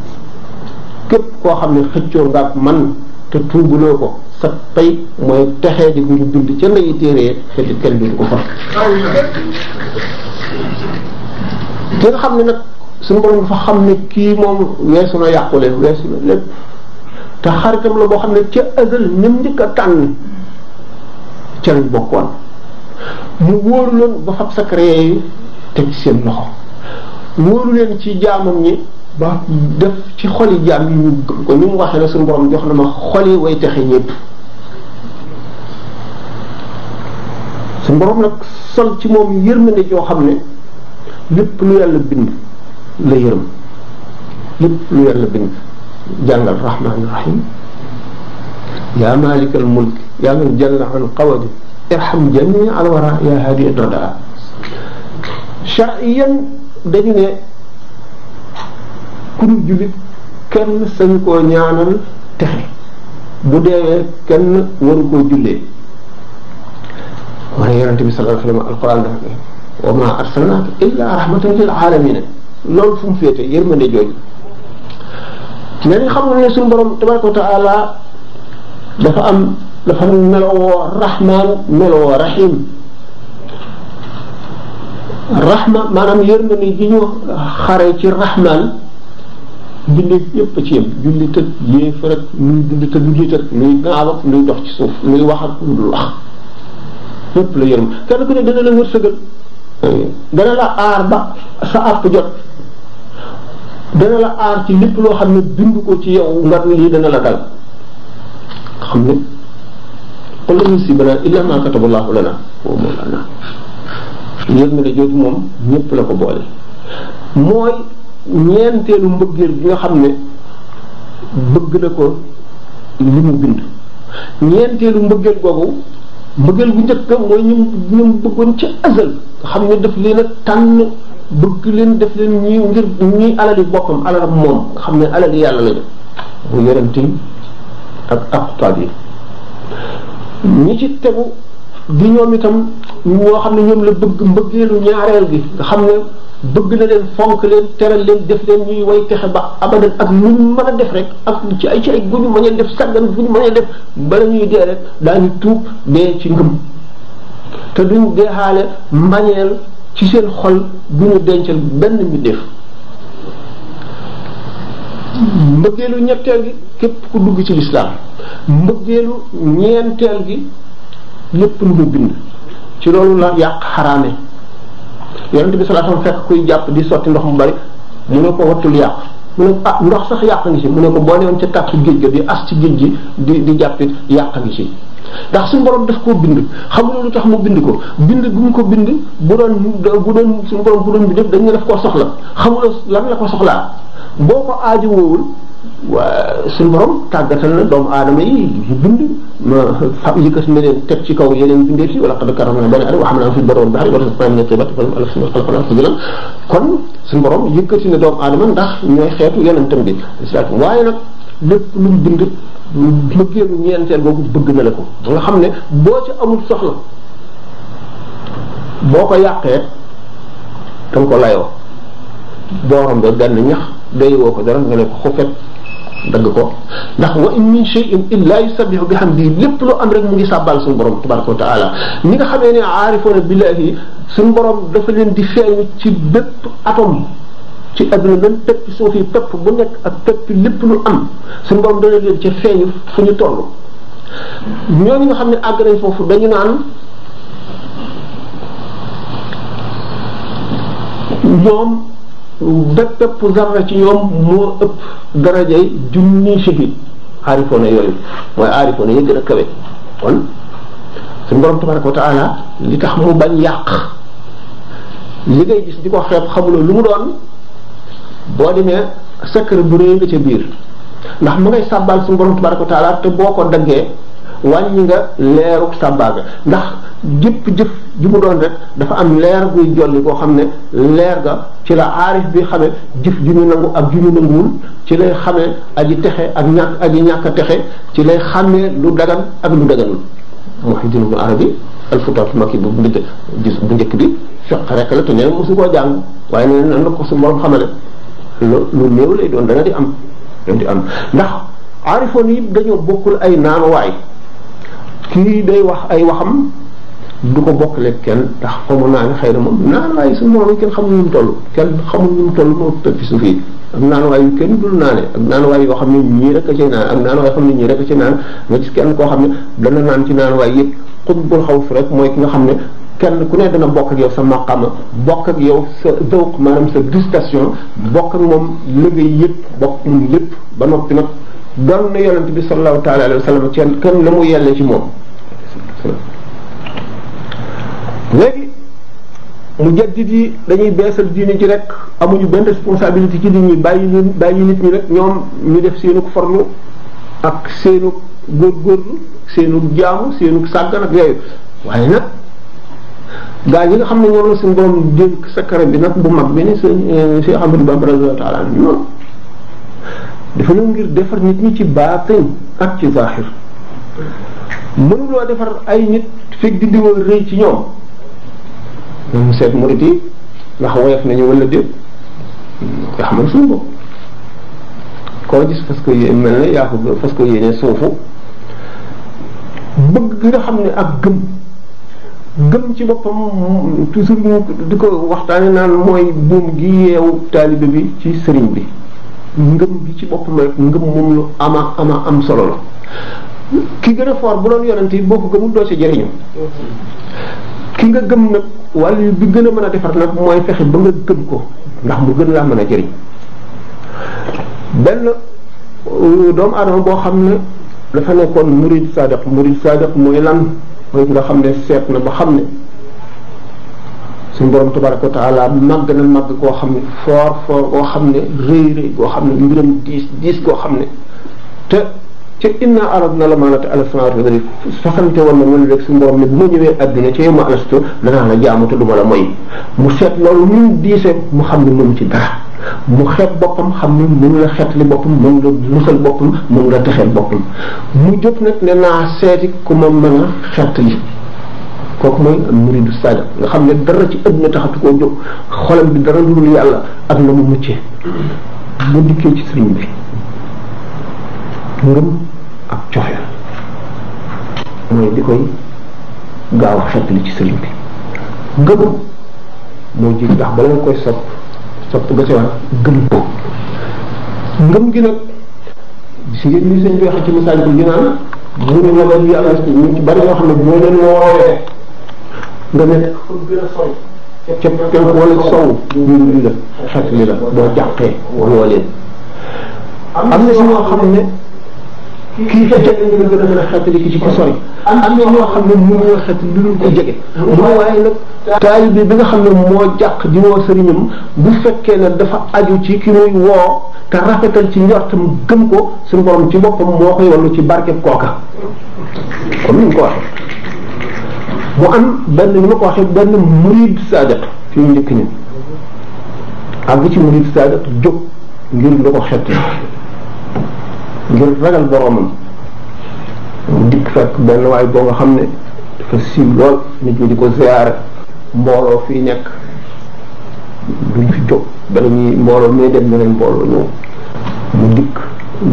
képp koo xam ne xëccoo ngaak man te tuubuloo ko sa pay mooy texe di guñu dund ca lañuy téeree te di kenn du ko fa ki nga xam ne nag suñu borom dafa xam ne kii moom weesu na yàqule weesu na lépp te xaritam la boo xam ne ca azal ñëm njëkk a tànn ca lañ bokkoon mu wóor loon ba fab secret yi ci seen loxo wóoru ci jaamam ñi ba def ci xoli jaam yi ni mu waxee ne suñu borom jox na ma xoli way texe ñépp suñu borom nag sol ci moom yërmande joo xam ne lépp lu yàlla bind lu yàlla bind jàngal rahmaani rahim yaa malikal mulk yaa jalla an qawadi irham jami al wara yaa hadi radaa shariyan dañu ku dul jullit kenn sañu koo ñaanal texe bu deewee kenn waru koo jullee moo ne yonente bi sallallahu dafa ne wa ma arsalnaaka illa rahmatan lil alamina loolu fu mu ni xamul ne suñu borom tabaraka wa dafa am dafa am melowoo rahman melowoo rahim rahma maanaam yërmande ji ñu xare ci rahman dindi yëpp ci yem julli tëdd yee farat luy dund te du jiital luy naaw ak dox ci suuf luy wax ak lu dul wax yëpp la yërëm kenn ku ne la wërsëgal dana la aar ba sa àpp jot dana aar ci lépp loo xam ne bind ko ci yow nga lii dana la dal xam ne qul lan yusiibanaa illaa maa kataba Allaahu lanaa wa mawlaanaa yërmande jooju moom ñépp la ko boole mooy ñeenteelu mbëggeel bi nga xam ne bëgg na ko li mu bind ñeenteelu mbëggeel googu mbëggeel bu njëkk mooy ñu ñu bëggoon ci azal nga xam ne daf leen a tànn bëgg leen def leen ñuy ngir ñuy alali boppam alalam moom nga xam ne alali yàlla lañu mu yonent yi ak aqtaab yi ñi ci tegu di ñoom itam ñoo xam ne ñoom la bëgg mbëggeelu ñaareel gi nga xam ne bëgg na leen fonk leen teral leen def leen ñuy woy texe ba abadan ak luñ mën a def rek ak ci ay ci ay bu ñu mën def sàggan bu ñu mën def bala ñuy dee rek daañu tuub dee ci ngëm te duñ deexaale mbañeel ci seen xol bu dencal benn mi mbindeef mbëggeelu ñetteel gi képp ku dugg ci lislaam mbëggeelu ñeenteel gi lépp lu mu bind ci loolu la yàq xaraame yonent bi sallallahu alayhi wasallam fekk kuy jàpp di sotti ndox mu bari mu ne ko wattul yàq mu ne ko ah ndox sax yàq ngi ci mu ne ko boo newoon ca tàkku géej ga di as ci géej gi di di jàppit yàq ngi ci ndax suñu borom def koo bind xamuloo lu tax mu bind ko bind bu mu ko bind bu doon bu doon suñu borom bu doon bi def dañ ne daf koo soxla xamuloo lan la ko soxlaa boo ko aajowoowul waa suñu borom tàggatal na doomu aadama yi yu bind ma fa yëkkat ma leen teg ci kaw yeneen bindeef yi wala xam karamna bani aadama wa hamalnahum fil barri wal bahri wa razaqnahum min at-tayyibati wa lam yusrifu kon suñu borom yëkkati na doomu aadama ndax waaye nag lépp lu bind bëggeelu ñeenteel boobu bëgg na la ko nga xam ne boo ci amul soxla boo ko yàqee danga ko layoo boo rombee benn ñax day woo ko dara nga ne ko xufet dagg ko ndax wa in min shay'in illa yusabbihu bihamdi lépp loo am rek mu ngi sàbbal suñu borom tabaraka wa taala ñi nga xamee ne aarifoona billahi suñu borom dafa leen di feeñu ci bépp atome ci adduna même pépp suuf yi bu nekk ak pépp lépp lu am suñu borom dana leen ca feeñu fu ñu toll ñooñu nga xam ne àgg nañ foofu dañu naan bépp zarra ci ñoom moo ëpp darajay junni sibi aarifoona yooyu mooy aarifoona yi gën a kawe kon suñu borom tabaraka li tax mu bañ yàq li ngay gis di ko xeeb xamuloo lu mu doon boo demee secret bu réy nga ca biir ndax mu ngay sàbbaal su borom tabaraka wa te boo ko daggee wàññi nga leeru sàbbaa nga ndax jëpp jëf ji mu doon rek dafa am leer guy jolli koo xam ne leer ga ci la aarif bi xamee jëf ju ñu nangu ak ju ñu nanguwul ci lay xamee aji texe ak ñàkk aji ñàkk texe ci lay xamee lu dagan ak lu daganul Muhyiddinul Arabi alfutaatu makki bu mbind gis bu njëkk bi fiq rek la te nee mosu koo jàng waaye nee na ko su borom xamale lu lu néew lay doon dana di am dana di am ndax aarifoon yi dañoo bokkul ay naanuwaay kii day wax ay waxam du ko bokkaleeg kenn ndax xamu naa ne xëy na moom naan waaye su moom kenn xamul ñu mu toll kenn xamul ñu mu toll moo tëpp suuf yi ak naan waay yu kenn dul naane ak naan waay yoo xam ne ñii rek a ci naan ak naan waay xam ne ñii rek a ci naan nga koo xam ne dana naan ci naan waay yëpp xutbul xaw rek mooy ki nga xam ne kenn ku ne dana bokk ak yow sa maqama bokk ak yow sa dawq maanaam sa distation bokk ak moom liggéey yëpp bokk moom ba noppi nag doon na yonent bi sallallahu taala alayhi wa sallam kenn kenn la mu yelle ci moom léegi mujaddid yi dañuy beesal diine ci rek amuñu benn responsabilité ci nit ñi bàyyi leen bàyyi nit ñi rek ñoom ñu def seenu forlu ak seenu góor góorgóorlu seenu jaamu seenu sàggan ak yooyu waaye nag gaa ñi nga xam ne ñoom la suñu borom dénk sakara bi nag bu mag bi ni sëñ euh, Cheikh Ahmadou Bamba radiyallahu ta'ala anhu dafa ñëw ngir defar nit ñi ci baatin ak ci zahir mënuloo defar ay nit fekk di rëy ci ñoom moom mu seet murit yi ndax woyof nañu wala déet nga xamal que yéen mel parce que yéene suufu bëgg gi nga xam ni ak gëm gëm ci boppam toujours mu di ko waxtaane naan mooy buum gi yeewu taalibe bi ci sëriñ bi ngëm bi ci boppam rek ngëm moom lu ama ama am solo la ki gën a foor bu doon yonent yi boo ko gëmul doo ci jëriñu ki nga gëm nag wàllu bi gën a mën a defar nag mooy fexe ba nga gëm ko ndax mu gën laa mën a jëriñ benn euh, doomu aadama boo xam ne dafa nekkoon murid sadiq murid sadiq mooy lan mooy nga xam ne seet na ba xam ne suñu borom tabaraka wa taala na màgg koo xam ne foor foor koo xam ne rëy rëy koo xam ne mbiram diis diis koo xam ne te ca inna arab na la maanata ala samawati wal ardi saxante woon na man rek su mborom ne bu ma ñëwee adduna ca yow ma alastu danaa la jaamatu du ma la moy mu seet loolu ñun diisee mu xam ne moom ci dara mu xeeb boppam xam ni mën la xeetli boppam mën la musal boppam mën la texeel boppam mu jóg nag ne naa seeti ku ma mën a xeetli kooku mooy muridu sadiq nga xam ne dara ci adduna taxatu ko jóg xolam bi dara lu dul yàlla ak na mu muccee bu dikkee ci sëriñ bi ngëm ak coxeel mooy di koy gaaw a fàttali ci sëriñ bi ngëm moo ji ndax bala nga koy sopp sopp nga ngëm gi nag si li sëñ bi wax ci message bi dinaan mu ne la man yàlla ñu ci bari xam ne boo leen woowee nga nekk gën a soñ ca penk xet li la boo jàqee wooloo leen am na si xam ne kii ca jege ñu gën a mën a xettali ki ci ko sori am na ñoo xam ne mënu la xett lu dul ko jege moo waaye nag taali bi bi nga xam ne moo jàq di woo sëriñam bu fekkee ne dafa aju ci ki muy woo te rafetal ci njortam gëm ko suñu borom ci boppam moo koy wallu ci barkeb kooka comme ni mu ko waxee mu am benn ni ma ko waxee benn murid sadat fi mu njëkk ñun àgg ci murid sadat jóg ngir lu ko xett ngir ragal boromam dikk fekk benn waay boo nga xam ne dafa siiw lool nit ñi di ko ziyaare mbooloo fii nekk duñ fi jóg dara ñuy mbooloo muy dem ñu mu dikk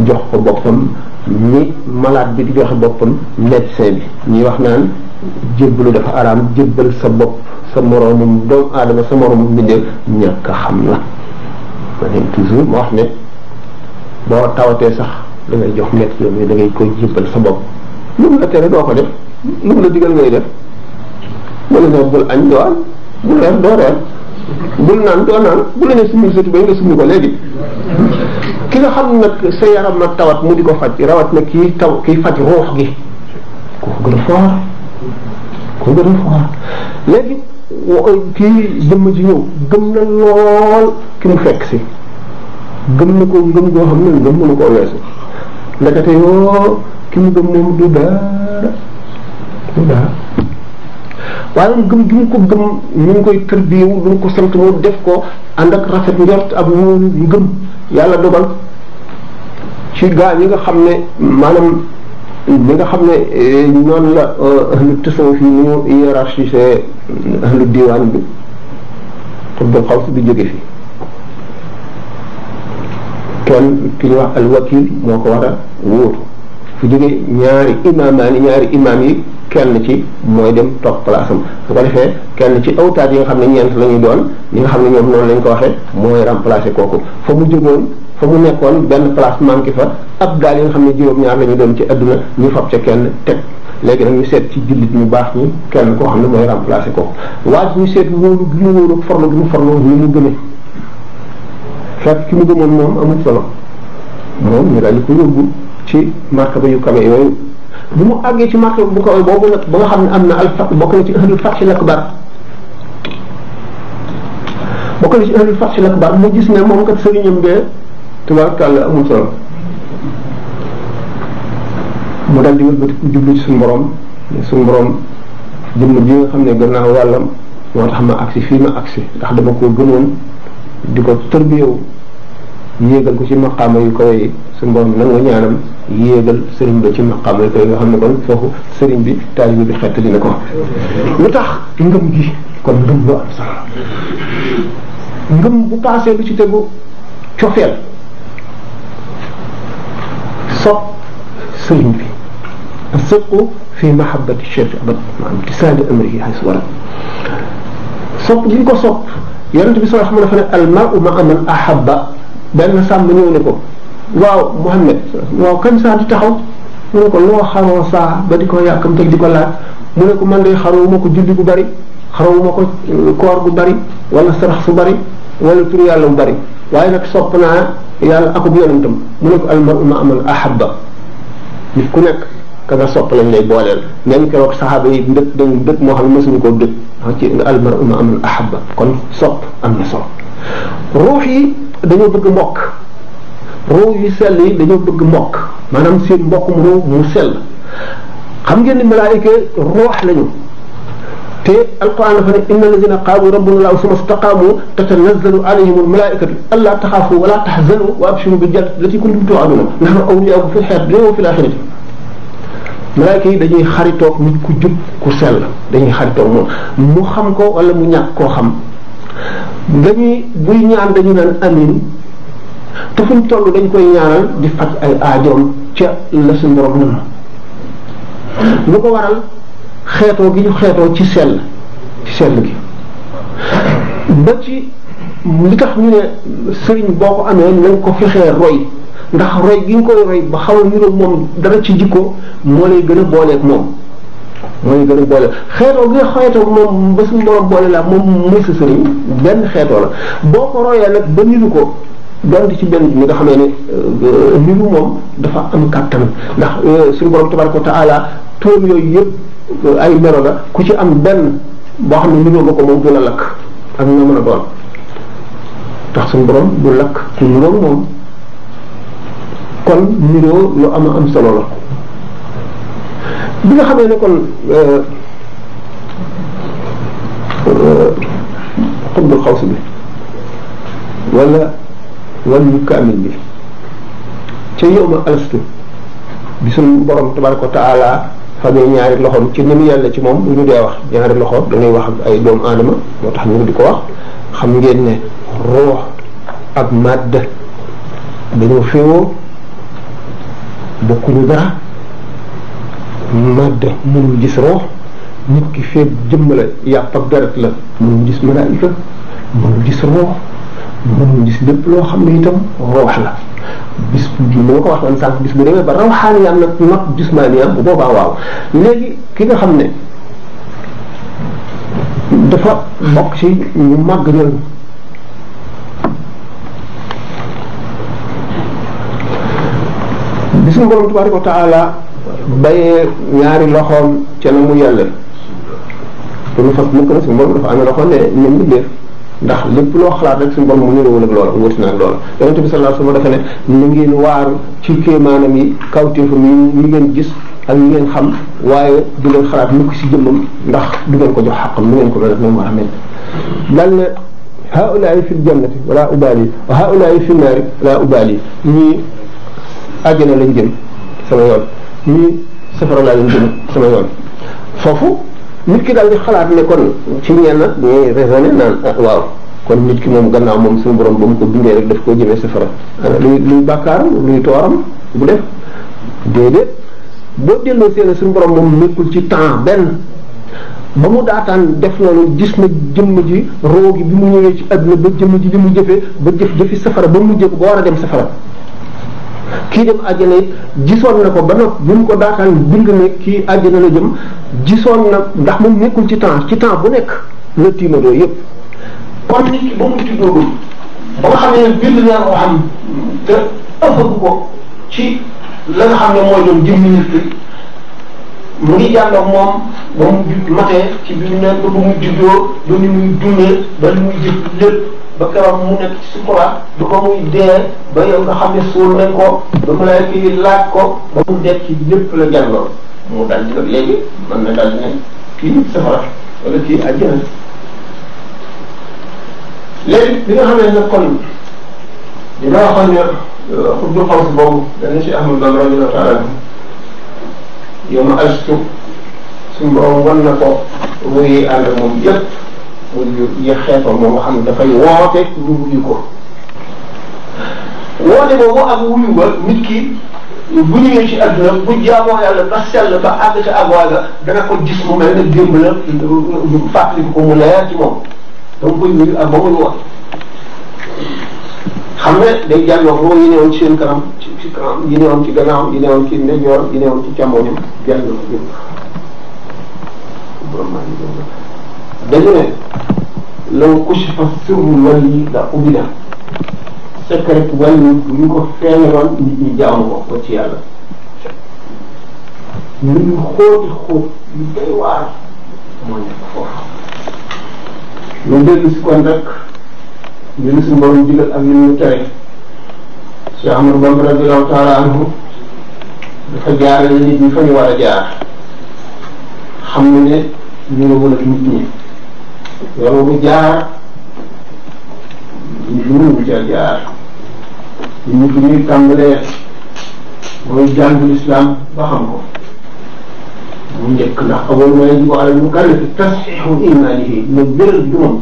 jox ko boppam ni malade bi di joxe boppam médecin bi ñuy wax naan jébbalu dafa araam jébbal sa bopp sa moroomum doomu aadama sa moroomum mbindeef ñàkk a xam la ma ne toujours ma wax ne boo tawatee sax da jox lekk yooyu da koy jébbal sa bopp lu mu la tere doo ko def lu mu la digal ngay def mu la ne bul añ doo añ reer doo reer bul naan doo naan bu la ne sumul sa tubéy nga sumul ko léegi ki nga xam nag sa nag tawat mu di ko faj rawat nag ki taw kii faj ruux gi ku gën a foor ku gën a foor léegi euh, kii jëmm ji ñëw gëm na lool ki mu fekk si gëm na koo gëm goo xam ne gëm mënu koo weesu ndekete yoo ki mu gëm moom du dara du dara waaye gëm gi mu ko gëm ñu koy tër biiw lu mu ko sant mu def ko ànd ak rafet njort ak ñu gëm yàlla dogal ci gaa ñi nga xam ne maanaam ñi nga xam ne noonu eh, la eh, ahlu tasawuf yi ñu hiérarchisé eh, ahlu diwaan bi xutbul xaw si bi jóge kenn ki ñuy wax alwakil moo ko war a wuutu fu jógee ñaari imaamaani ñaari imaam yi kenn ci mooy dem toog place am su ko defee kenn ci awtaat yi nga xam ne ñeent la ñuy doon ñi nga xam ne ñoom noonu lañ ko waxee mooy remplacer kooku fa mu jógoon fa mu nekkoon benn place manqué fa ab gaal yi nga xam ne juróom-ñaar la ñu doon ci adduna ñu fab ca kenn teg léegi nag ñu seet ci jullit ñu baax ñi kenn koo xam ne mooy remplacer kooku waaye ñu seet wóolu fekk ki mu gëmoon moom amul solo moom ñu daal di ko yóbbu ci martaba yu kawe yooyu bu mu àggee ci martaba bu kawe boobu nag ba nga xam ne am na alfaq bokk na ci ahlul faxsil akbar bokk na ci ahlul faxsil akbar mu gis ne moom kat sëriñam bee tubaarkàlla amul solo mu daal di wëlbati jublu ci suñu borom suñu borom jëmm ji nga xam ne gannaaw wàllam moo tax ma agsi fii ma agsi ndax dama ko gënoon di ko tërbiyewu yéegal ko ci maqaama yu kawe yi suñu borom nangu ñaanam yéegal sëriñ ba ci maqaama yu kawe nga xam ne kon foofu sëriñ bi taalibe bi xettali na ko lu tax ngëm gi kon ngëm lu am solo ngëm bu paasee lu ci tegu cofeel sopp sëriñ bi asiqu fi mahabbati cheikh abad maanaam ti saali amrihi xay su waral gi ko sopp yonent bi soo xam ne dafa ne al ma'u ma'a man ahabba benn sàmm ñëw ne ko waaw Muhammad waaw kañ saa di taxaw mu ne ko loo xaroo saa ba di ko yàkkam teg di ko laaj mu ne ko man de xaroo ma ko julli bu bari xaroo ma ko eh, koor bu bari wala sarax su bari wala tur yàlla bu bari waaye nag sopp naa yàlla akub yonentam mu ne ko al ma'u ma'a man ahabba nit ku nekk ka nga sopp lañ lay booleel ngeen keroog saxaaba yi ndëkk dañ dëkk moo xam ne mësuñu koo dëkk ndax ci almar uma amul ahabba kon sopp am na solo ruux yi dañoo bëgg mbokk ruux yu sell yi dañoo bëgg mbokk maanaam seen mbokkum ruux mu sell xam ngeen ni malaayika ruux lañu te alquran dafa ne inna alladina qaalu rabbuna allahu summa staqaamu tatanazzalu alayhim almalaikatu allaa taxaafu wala tahzanu wa abshiru bi jannati lati kuntum tuaduna nahnu awliyaakum fi lxayati dunya wa fi laxirati malaaka yi dañuy xaritoo nit ku jub ku sell dañuy xaritoog moom mu xam ko walla mu ñàkk koo xam dañuy buy ñaan dañu naan amin te fuñ toll dañ koy ñaanal di faj ay aajoom ca la suñ borom lu ko waral xeetoo gi ñu xeetoo ci sell ci sell gi ba ci li tax ñu ne sëriñ boo ko amee nañ ko fexee roy ndax roy gi nga koy roy ba xaw a niroog moom dara ci jikkoo moo lay gën a booleeg moom moo lay gën a boole xeetoo gi xeetoo moom ba suñu borom boole la moom mooy sa sëriñ benn xeetoo la boo ko nag ba niru ko donte ci benn mi nga ne euh, niru moom dafa am kàttan ndax euh, suñu borom tabaraka wa taala turam yooyu yëpp euh, ay la ku ci am benn boo xam ne niroo nga ko moom du la lakk ak nga mën a doon tax suñu borom bu lakk ku niroog moom kon niroo lu ama am solo la bi nga xamee ne kon xutbul euh, xaws bi wala wala yu kaamil bi ca yowma alastu bi suñu borom tabaraka wa taala famee ñaari loxoom ci ni mu yàlla ci moom bu ñu dee wax ñaari loxo dangay wax ak ay doomu aadama moo tax ñu di ko wax xam ngeen ne ruux ak màdd dañoo féewoo bokkuñu dara de mënul gis roox nit ki feeg jëmm la yàpp ak deret la mënul gis malaayika mënul gis roox mënul gis lépp loo xam ne itam roox la bis bi ma ko waxoon sànq bis bu demee ba rawxaani am nag mag jismaani am bu boobaa waaw léegi ki nga xam ne dafa bokk ci ñu màgg ñoom bi suñu borom tabaraka wa taala bayee ñaari loxoom ca na mu yàlla te ñu fas mu ko suñu borom dafa amee ne ñu ngi def ndax lépp loo xalaat rek suñu borom mu niroowul ak loola wuti na ak loola yonente bi sallallahu alayhi wasallam dafa ne ni ngeen waaru ci kéemaanam yi ngeen gis ak ñi ngeen xam waaye du ngeen xalaat mukk si jëmmam ndax du ngeen ko jox xaqam ni ngeen ko doon def moom war a mel dal fi ljannati wala ubaali wa haulaay fi naari wala ubaali ñii àjjana lañ jëm sama yoon ñii safara laa leen jëm sama yoon foofu nit ki daal di xalaat ne kon ci ñenn ñuy raisonné naan ah, waaw kon nit ki moom gannaaw moom suñu borom ba mu ko bindee rek daf koo jëmee safara luy luy bàkkaaram luy tooram bu def déedéet boo delloo seen suñu borom moom nekkul ci temps benn ba mu daataan def noonu gis na jëmm ji roo gi bi mu ñëwee ci àdduna ba jëmm ji li mu jëfee ba jëf jëfi safara ba mu jëf ba war a dem safara kii dem àjjana it gisoon na ko ba nopp bu mu ko daataan bind ne kii àjjana la jëm gisoon na ndax moom nekkul ci temps ci temps bu nekk la tiimadoo yëpp kon nit ki ba mu juddoogul ba nga xam ne bind na ko xam te ëpp ko ci la nga xam ne mooy doon jëm ministre mu ngi jànd moom ba mu matee ci bi ñu naan ba mu juddoo ba ni muy dundee ba ni muy jëf lépp ba keroog mu nekk ci sutura ba yow nga xam ne suul nañ ko ba mu lay fii laaj ko ba mu nekk ci lépp la jàngoon mu ne kii safara wala kii àjjana léegi bi nga xam ne nag kon dina waxoon ne euh, xub du xaw si boobu dana si Ahmad Bamba radiyallahu taala yow ma astu suñu borom ko muy ànd moom yëpp wala yu yéex xeetam moom nga xam ne dafay woote ñu wuyu ko woote boobu ak wuyu ba nit ki bu ci àdduna bu jaamoo yàlla ba sell ba àgg ca abwaaga ko gis mu mel ne démb la fàttali ko mu leer ci moom danga koy wuyu ak ba muy woote xam nga day jàlloog moo ci seen kanam ci ci kanam yi newoon ci gannaaw yi newoon ci ndeyjoor dañu ne law kushifa sirru wali la ubida secret wali bu ko feeñaloon nit jaamu ko ko ci yàlla ñu ñu xóoti xóot yu waar moo nekk foofu ñu dellu si kon rek ñu ne suñu borom digal tere Cheikh Amadou Bamba radiyallahu taala anhu dafa jaarale jaar xam ne ñu nga wala nit ñi yow bu jaar ñu bu ca jaar ñu fi ñuy tàmbalee mooy jàngu islam ba xam ko mu njëkk ndax awal ma yajibu ala mukallafi tasxiixu imaanihi na biir dumam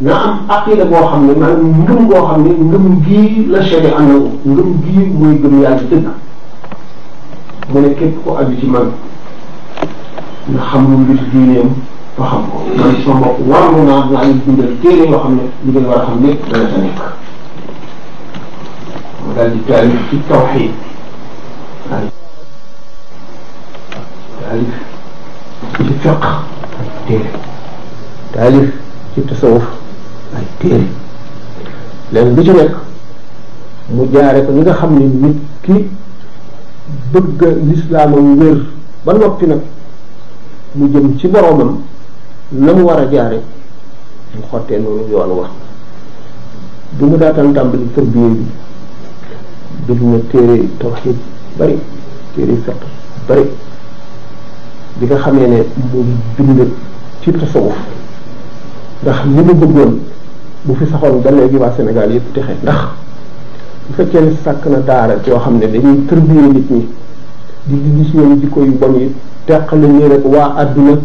na am aqida boo xam ne maanaam ngëm boo xam ne ngëm gii la chéré annawu ngëm gii mooy gëm mu ne képp ku aju man nga xam lu mbir diineem ba xam ko. man sama bopp warlu naa dinaa leen bindal téere yoo xam ne li ngeen war a xam lépp dana ca nekk. mu daal di taalif ci tawxiid taalif ci fiq ay téere taalif ci tasawuf ay téere leen bi ci nekk mu jaare ko ñi nga xam ne nit ki bëgg lislaamam wér ba noppi nag mu jëm ci boroomam na mu war a jaare mu xottee noonu yoon wa bi mu daataan tàmbali tërbiyee bi bind na téere tawxiid bari téere fiq bari bi nga xamee ne mu bind ci tasawuf ndax li mu bëggoon bu fi saxoon ba léegi waa Sénégal yëpp texe ndax bu fekkee ne sàkk na daara yoo xam ne dañuy tërbiyee nit ñi di di gis ñoom bon yi teqale ñu rek waa àdduna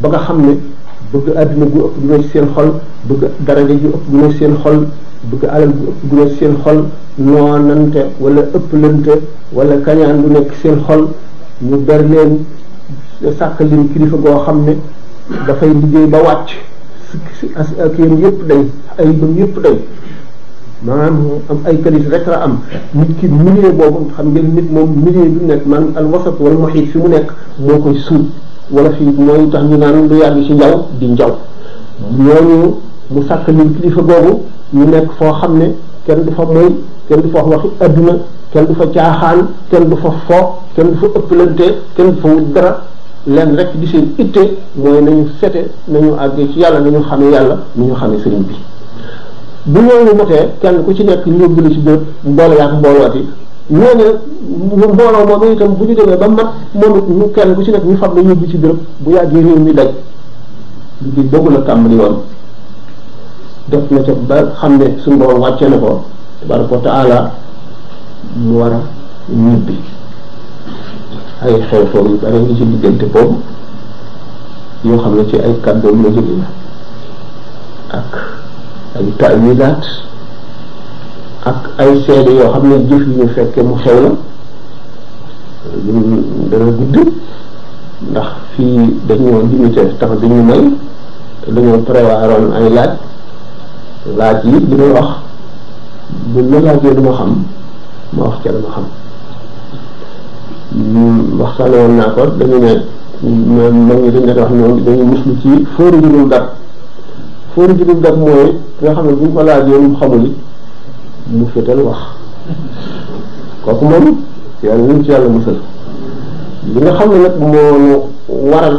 ba nga xam ne bëgg àdduna gu ëpp gu nekk seen xol bëgg daraja ju ëpp gu nekk seen xol bëgg alal gu ëpp gu nekk seen xol noonante wala ëpplante wala kañaan bu nekk seen xol ñu ber leen sàkk leen kilifa goo xam ne dafay liggéey ba wàcc as ak yéen yëpp day ay bam yëpp day maanaam ay qualité rek la am nit ki milieu boobu xam ngeen nit moom milieu bi nekk man al wasat wal muhit fi mu nekk moo koy suuf wala fii mooy tax ñu naan lu yàgg ci njaw di njaw ñooñu mu sàkk leen kilifa googu ñu nekk foo xam ne kenn du fa mooy kenn du fa wax waxi adduna kenn du fa caaxaan kenn du fa fo kenn du fa ëppalante kenn du fa wut dara leen rek di seen itte mooy nañu sete nañu àggee ci yàlla nañu xamee yàlla ni ñu xamee sëriñ bi bu ñooñu motee kenn ku ci nekk ñu yóbbu la ci béréb mboole yaak mboolooti nee na mbooloo moom itam bu ñu demee ba mat moom it kenn ku ci nekk ñu fab la yóbbu ci béréb bu yàggee réew mi daj liggéey boobu la tàmbali woon def na ca ba xam ne suñu borom wàcce na ko tabaraka wa taala mu war a ñibbi ay xew-xew yu bare ngi ci diggante boobu yoo xam ne ci ay kàddoom la jóge ak ay taamilaat ak ay seede yoo xam ne jëf yu ñu fekkee mu xew la dana gudd ndax fii dañoo limité tax dañu may dañoo prévoiroon ay laaj laaj yi li may wax bu la laajee duma xam ma wax ca dama xam hmm, waxtaane woon naa ko dañu ne mag ñi dañ wax noonu dañu muslu ci fóoru jurul gat fóoru jurul gat mooy nga xam ne bu ñu ko laajee mu xamul mu fétal wax kooku moom yoon luñ ci yàlla musal li nga xam ne nag moo waral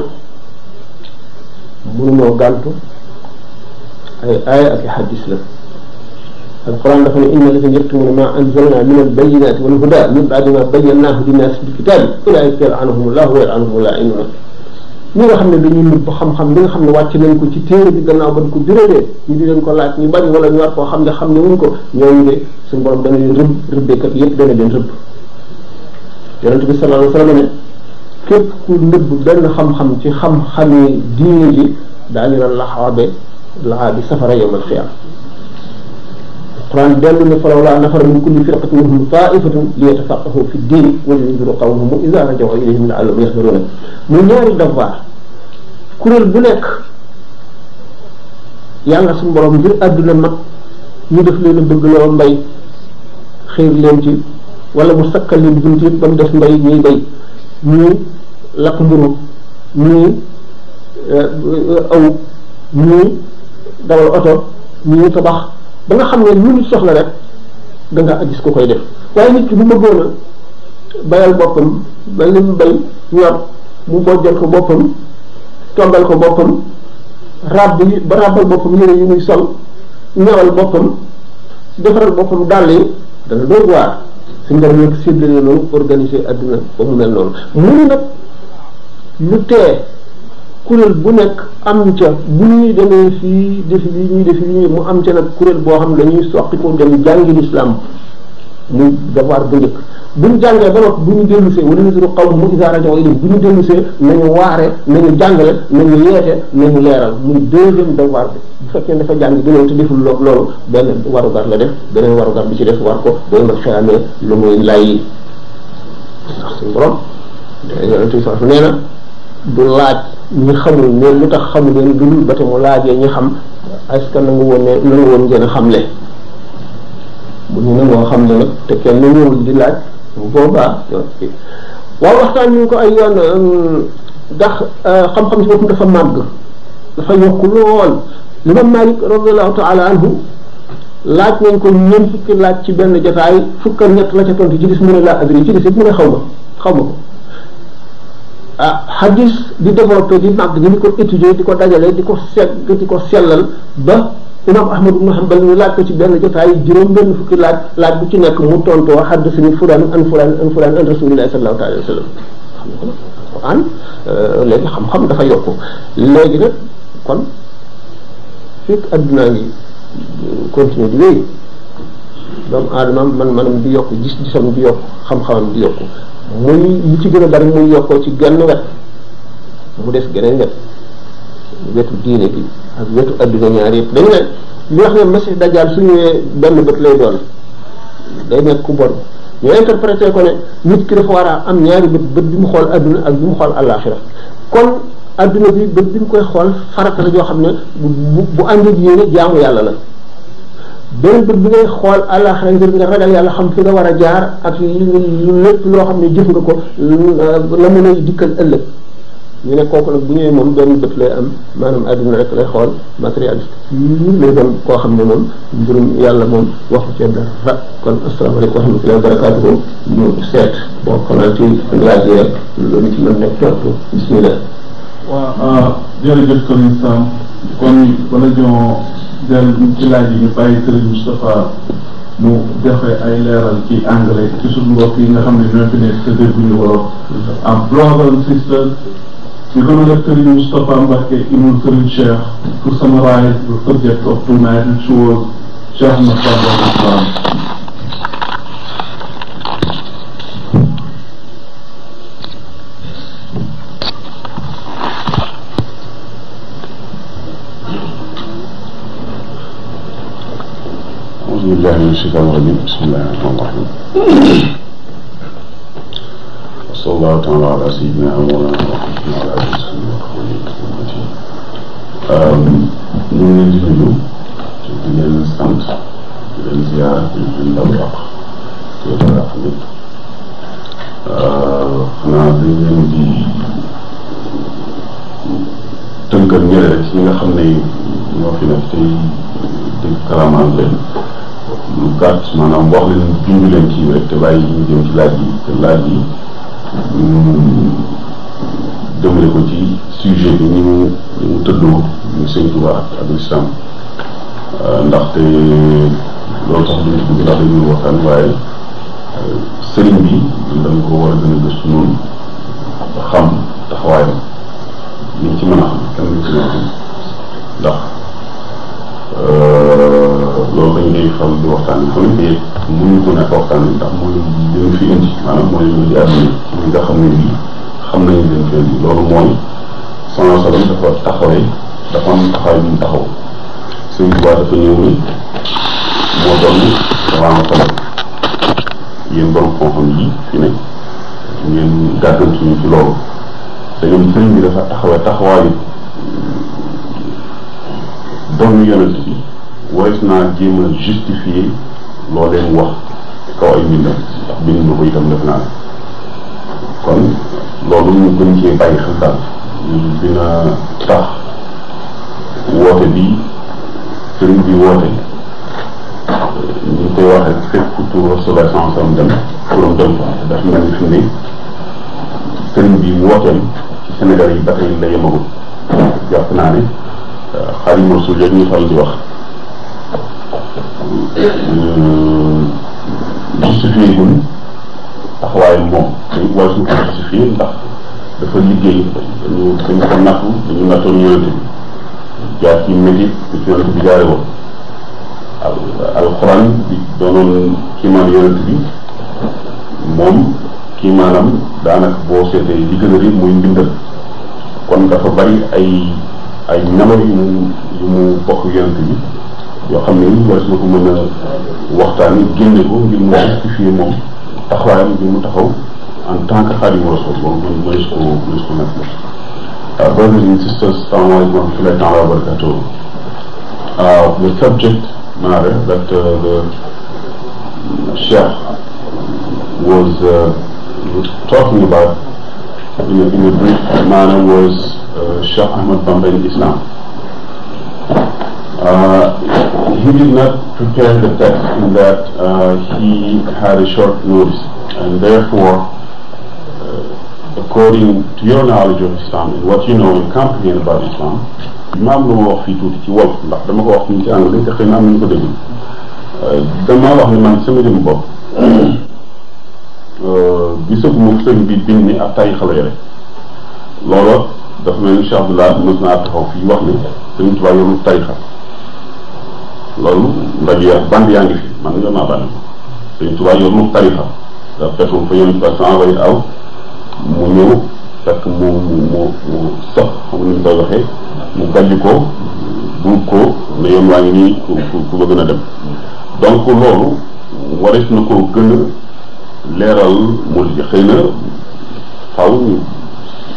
mënuñoo gàntu ay aaya ak i xadis la alquran dafa ne inna lazina yaktumuna ma anzalna min albayinati wal huda min ba'di ma bayyanahu linnaasi bil kitaabi ulaa'ika yal'anuhum allahu wa yal'anuhum laa'inun ñi nga xam ne dañuy nëbb xam-xam bi nga xam ne wàcc nañ ko ci téere bi gannaaw ban ko juróomee ñu di leen ko laaj ñu bañ wala ñu war koo xam ne xam ne wuñ ko ñooñu de suñu borom dana leen rëbb rëbbeekat yépp dana leen rëbb yonent bi sallallahu alayhi wa sallam ne képp ku nëbb benn xam-xam ci xam-xami diine ji daañu la laxaa laxaabi safara yomal xiyaam alquran dellu ne falawlaa nafara min kulli firqatin minhum taifatun liyatafaqqahu fi diin wa liyunziru qawmahum idha raja'u ilayhim la'allahum yahdaruna mu ñaari devoir kuréel bu nekk yàlla suñu borom ngir àdduna mag ñu def leen a bëgg loo mbay xëy leen ci wala mu sakkal leen bunt yëpp ba mu def mbay ñuy bay ñuy lakk mburu ñuy eh, aw ñuy dawal oto ñuy tabax ba nga xam ne lu nit soxla rek danga nga gis ku koy def waaye nit ki bu bëggoon a bayal boppam ba li mu bay ñor mu bojjal ko boppam toggal ko boppam ràbb yi ba ràbbal boppam yére yu muy sol ñawal boppam defaral boppam dàll yi dana doog waar suñ dara nekk cible la noonu organiser adduna ba mu mel noonu mu ngi nag lu tee kuréel bu nekk am ca bu ñuy demee fii def lii ñuy def lii mu am ca nag kuréel boo xam ne dañuy soqi ko dem jàngi lislaam muy devoir bu njëkk bu ñu jàngee ba noppi bu ñu dellusee wala nasiru qawmun idhaa raja'uu ilayhim bu ñu dellusee nañu waare nañu jàngale nañu yeete nañu leeral muy deuxième devoir bi bu fekkee dafa jàng gënoon te deful loo loolu benn warugar la def beneen warugar bi ci def war ko ba yëngal xeyaamee lu muy lay ndax suñu borom nee na du laaj ñi xamul ne lu tax xamu leen dul ba te mu laajee ñi xam est-ce que nangu woon ne nangu woon bu ñu nangoo xam ne nag te kenn ñëwul di laaj bu boobaa waaw waxtaan ñu ko ay yoon um, ndax uh, xam-xam ci boppam dafa màgg dafa yokk lool Imam Malik radiyallahu ta'ala anhu laaj nañ ko ñeent fukki laaj ci benn jotaay fukkar ñett la ca tontu ci gis mu ne laa adri ci gis it mu ne xaw ma xaw ma ko ah xadis di développé di màgg ñu di ko étudier di ko dajale di ko segg di ko sellal ba imam ahmad ibn hanbal ñu laaj ko ci benn jotaay juróom benn fukki laaj laaj bu ci nekk mu tontoo xaddisani fulaan an fulaan an fulaan an rasulillahi sallallahu alayhi wa sallam xam nga euh, léegi xam-xam dafa yokku léegi nag kon fii addunaa ngi euh, continuer di wéy doomu aadama man manam di yokk gis-gisam di yokk di yokku muy lu ci gën a bari muy yokkoo ci genn wet mu def geneen wet wetu diine bi ak wetu adduna ñaar yëpp dañu ne li wax ne masih dajjal su ñëwee benn bët lay doon day nekk ku bon ñu interprété ko ne nit ki dafa war a am ñaari bët bët bi mu xool adduna ak bi mu xool àllaaxira kon adduna bi bët bi mu koy xool farata joo xam ne bu bu ànd ak yéene jaamu yàlla la benn bët bi ngay xool àllaxira ngir nga ragal yàlla xam fi nga war a jaar ak lépp loo xam ne jëf nga ko la mu lay dikkal ëllëg ñu ne kooku nag bu ñëwee moom benn bët lay am maanaam adduna rek lay xool matérialiste fii lay doon koo xam ne moom mbirum yàlla moom waxu ci dara kon asalaamaaleykum wa wa barakaatuhu ñu seet boo xamante ni laaj yi rek loolu ci mën ah, kon kon bala dellu ci laaj yi ñu bàyyi Serigne Moustapha mu joxe ay leeral ci anglais ci suñu mbokk yi nga xam ne ñoo fi nekk te dégguñu wolof. am brothers and sisters. We are going to let Serigne Moustapha Mbacke Ibn Serigne Cheikh to summarize the subject of tonight which was Cheikh Moustapha Islam. billahi min shaytani rajim bismillahi rahmani rahim wa sallallahu taala ala sayyidina wa mawlana wa ala alihi wa sahbihi ajmain ñu ngi leen di nuyu di leen sant di leen ziara di leen ndaw yàq di leen baax ñëpp xanaa dañ leen di tënkal ñële rek ñi nga xam ne ñoo fi nekk tey dégg kalamaan leen lu gàtt maanaam wax leen bind leen kii te bàyyi ñu jëm ci laaj yi te laaj yi dëmale ko ci sujet bi ni mu tëddoo ñu sëñ Tuubaa ak lislaam euh, ndaxte loolu sax duñ ci dugg ndax dañuy waxtaan waaye euh, sëriñ bi dañ ko war a gën a gëstu noonu xam taxawaayam liñ ci mën a xam kenn liñ ci a xam ndax euh, loolu lañ koy faral di waxtaan bu nekkee mënuñ ko nekk waxtaan ndax mooy li fi indi maanaam mooy li nga xam ne bii xam nañu leen fi indi loolu mooy sama salam dafa taxawee dafa am taxawaay taxaw sëñ bi dafa ñëw ni moo doon damaa xamal wees naa jéem a justifier loolee mu wax kaw ay mbindam ndax bind na ko itam def naa kon loolu ñu bi sëriñ bi woote euh, ñu koy waxe fépp tur Rasulullah sallallahu dem turam dem fa daf mel ni fi ne sëriñ bi wooteem ci Sénégal yi ba tey la yemagul jàpp naa ne euh, xaadimu rasul ñu faral di wax justifié gun taxawaay moom dañ waaye ko justifié ndax dafa liggéey dañu dañ ko nattu dañu nattoon yonente bi jaar ci métit bi ci yonente bi jaare alxuraan doonoon kiimaan yonente bi moom kiimaanam daanaka boo seetee li gën muy mbindal kon dafa bari ay ay namo yu mu yu bokk yonente bi yoo xam ne nii war na ko mën a waxtaan mu justifier moom taxawaayam ngir mu taxaw en tant que Xaadimu Rasuul moom man mënees ko mënees ko brothers and sisters, salaamaaleykum wa rahmatullahi taala wa barakatuh. Uh, ah, the subject matter that the euh, Sheikh euh, was talking about in a, brief manner was Sheikh euh, Ahmad Bamba Islam. Uh, he did not prepare the text in that uh, he had a short notice, and therefore, uh, according to your knowledge of Islam and what you know and comprehend about Islam, maam lu wax fii tuuti ci wolof ndax dama ko wax fii ci anglais te xëy na am nañu ko déglu dama wax ne man sama jëm bopp gisaguma sëñ bi bind ni ab tarixa la yore loola dafa mel ni Cheikh Abdoulaye mës naa taxaw fii loolu ndaje yaa band yaa ngi fi man nga maa band Sëriñ Tuubaa yor mu tarixa da fetum mu ñëw fekk mu mu mu mu sox mu gàjj ko buub ko ne yoon waa ku bëgg na dem donc loolu waris na koo gën leeral murid yi xëy faw ñu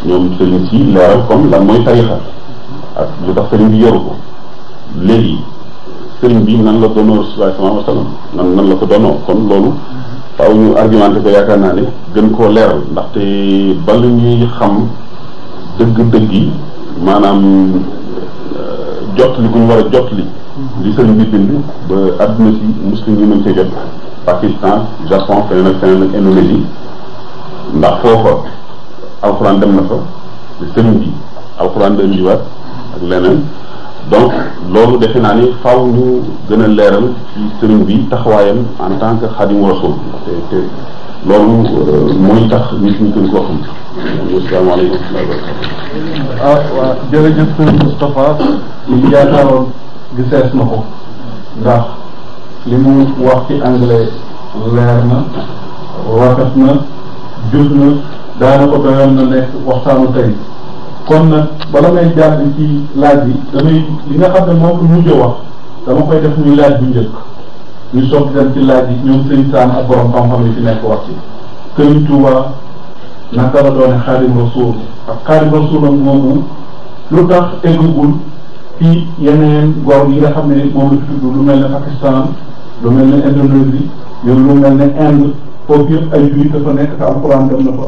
ñoom sëriñ leeral comme lan mooy tarixa ak tax sëriñ bi yoru sëriñ bi nan la doonoo rasulullah sallallahu alayhi wasallam nan la ko doonoo kon loolu faaw ñu argumenté ko yaakaar naa ne gën koo leeral ndaxte bala ñuy xam dëgg-dëgg maanaam euh, jot li ku ñu war a jot li li sëriñ bi bind ba àdduna si muslim yi mën cee jot Pakistan Japon feneen ak feneen ak Indonésie ndax foofa alxuraan dem na fa sëriñ bi alxuraan dem jiwaat ak leneen donc loolu defe naa ni faaw ñu gën a leeral ci sëriñ bi taxawaayam en tant que xadimu rasul te te loolu euh, mooy tax nit ñi gën koo xam. asalaamaaleykum wa rahmatulah. ah waaw jërëjëf sëriñ Moustapha li yaakaaroon di na ko ndax li mu wax ci anglais leer na rafet na jub na waxtaanu tey. kon nag bala may jàll ci laaj bi damay li nga xam ne moom lu mujj wax dama koy def muy laaj bu njëkk ñu soog dem ci laaj yi ñoom sëñ Saam ak borom xam-xam yi fi nekk wax ci Sëriñ naka la doone Xaadim Rasuul ak Xaadim Rasuul am moomu lu tax eggagul ci yeneen góor yi nga xam ne moom la fi tudd lu mel ne Pakistan lu mel ne Indonésie yow lu mel ne Inde foofu yëpp ay jullit dafa nekk te alxuraan dem na fa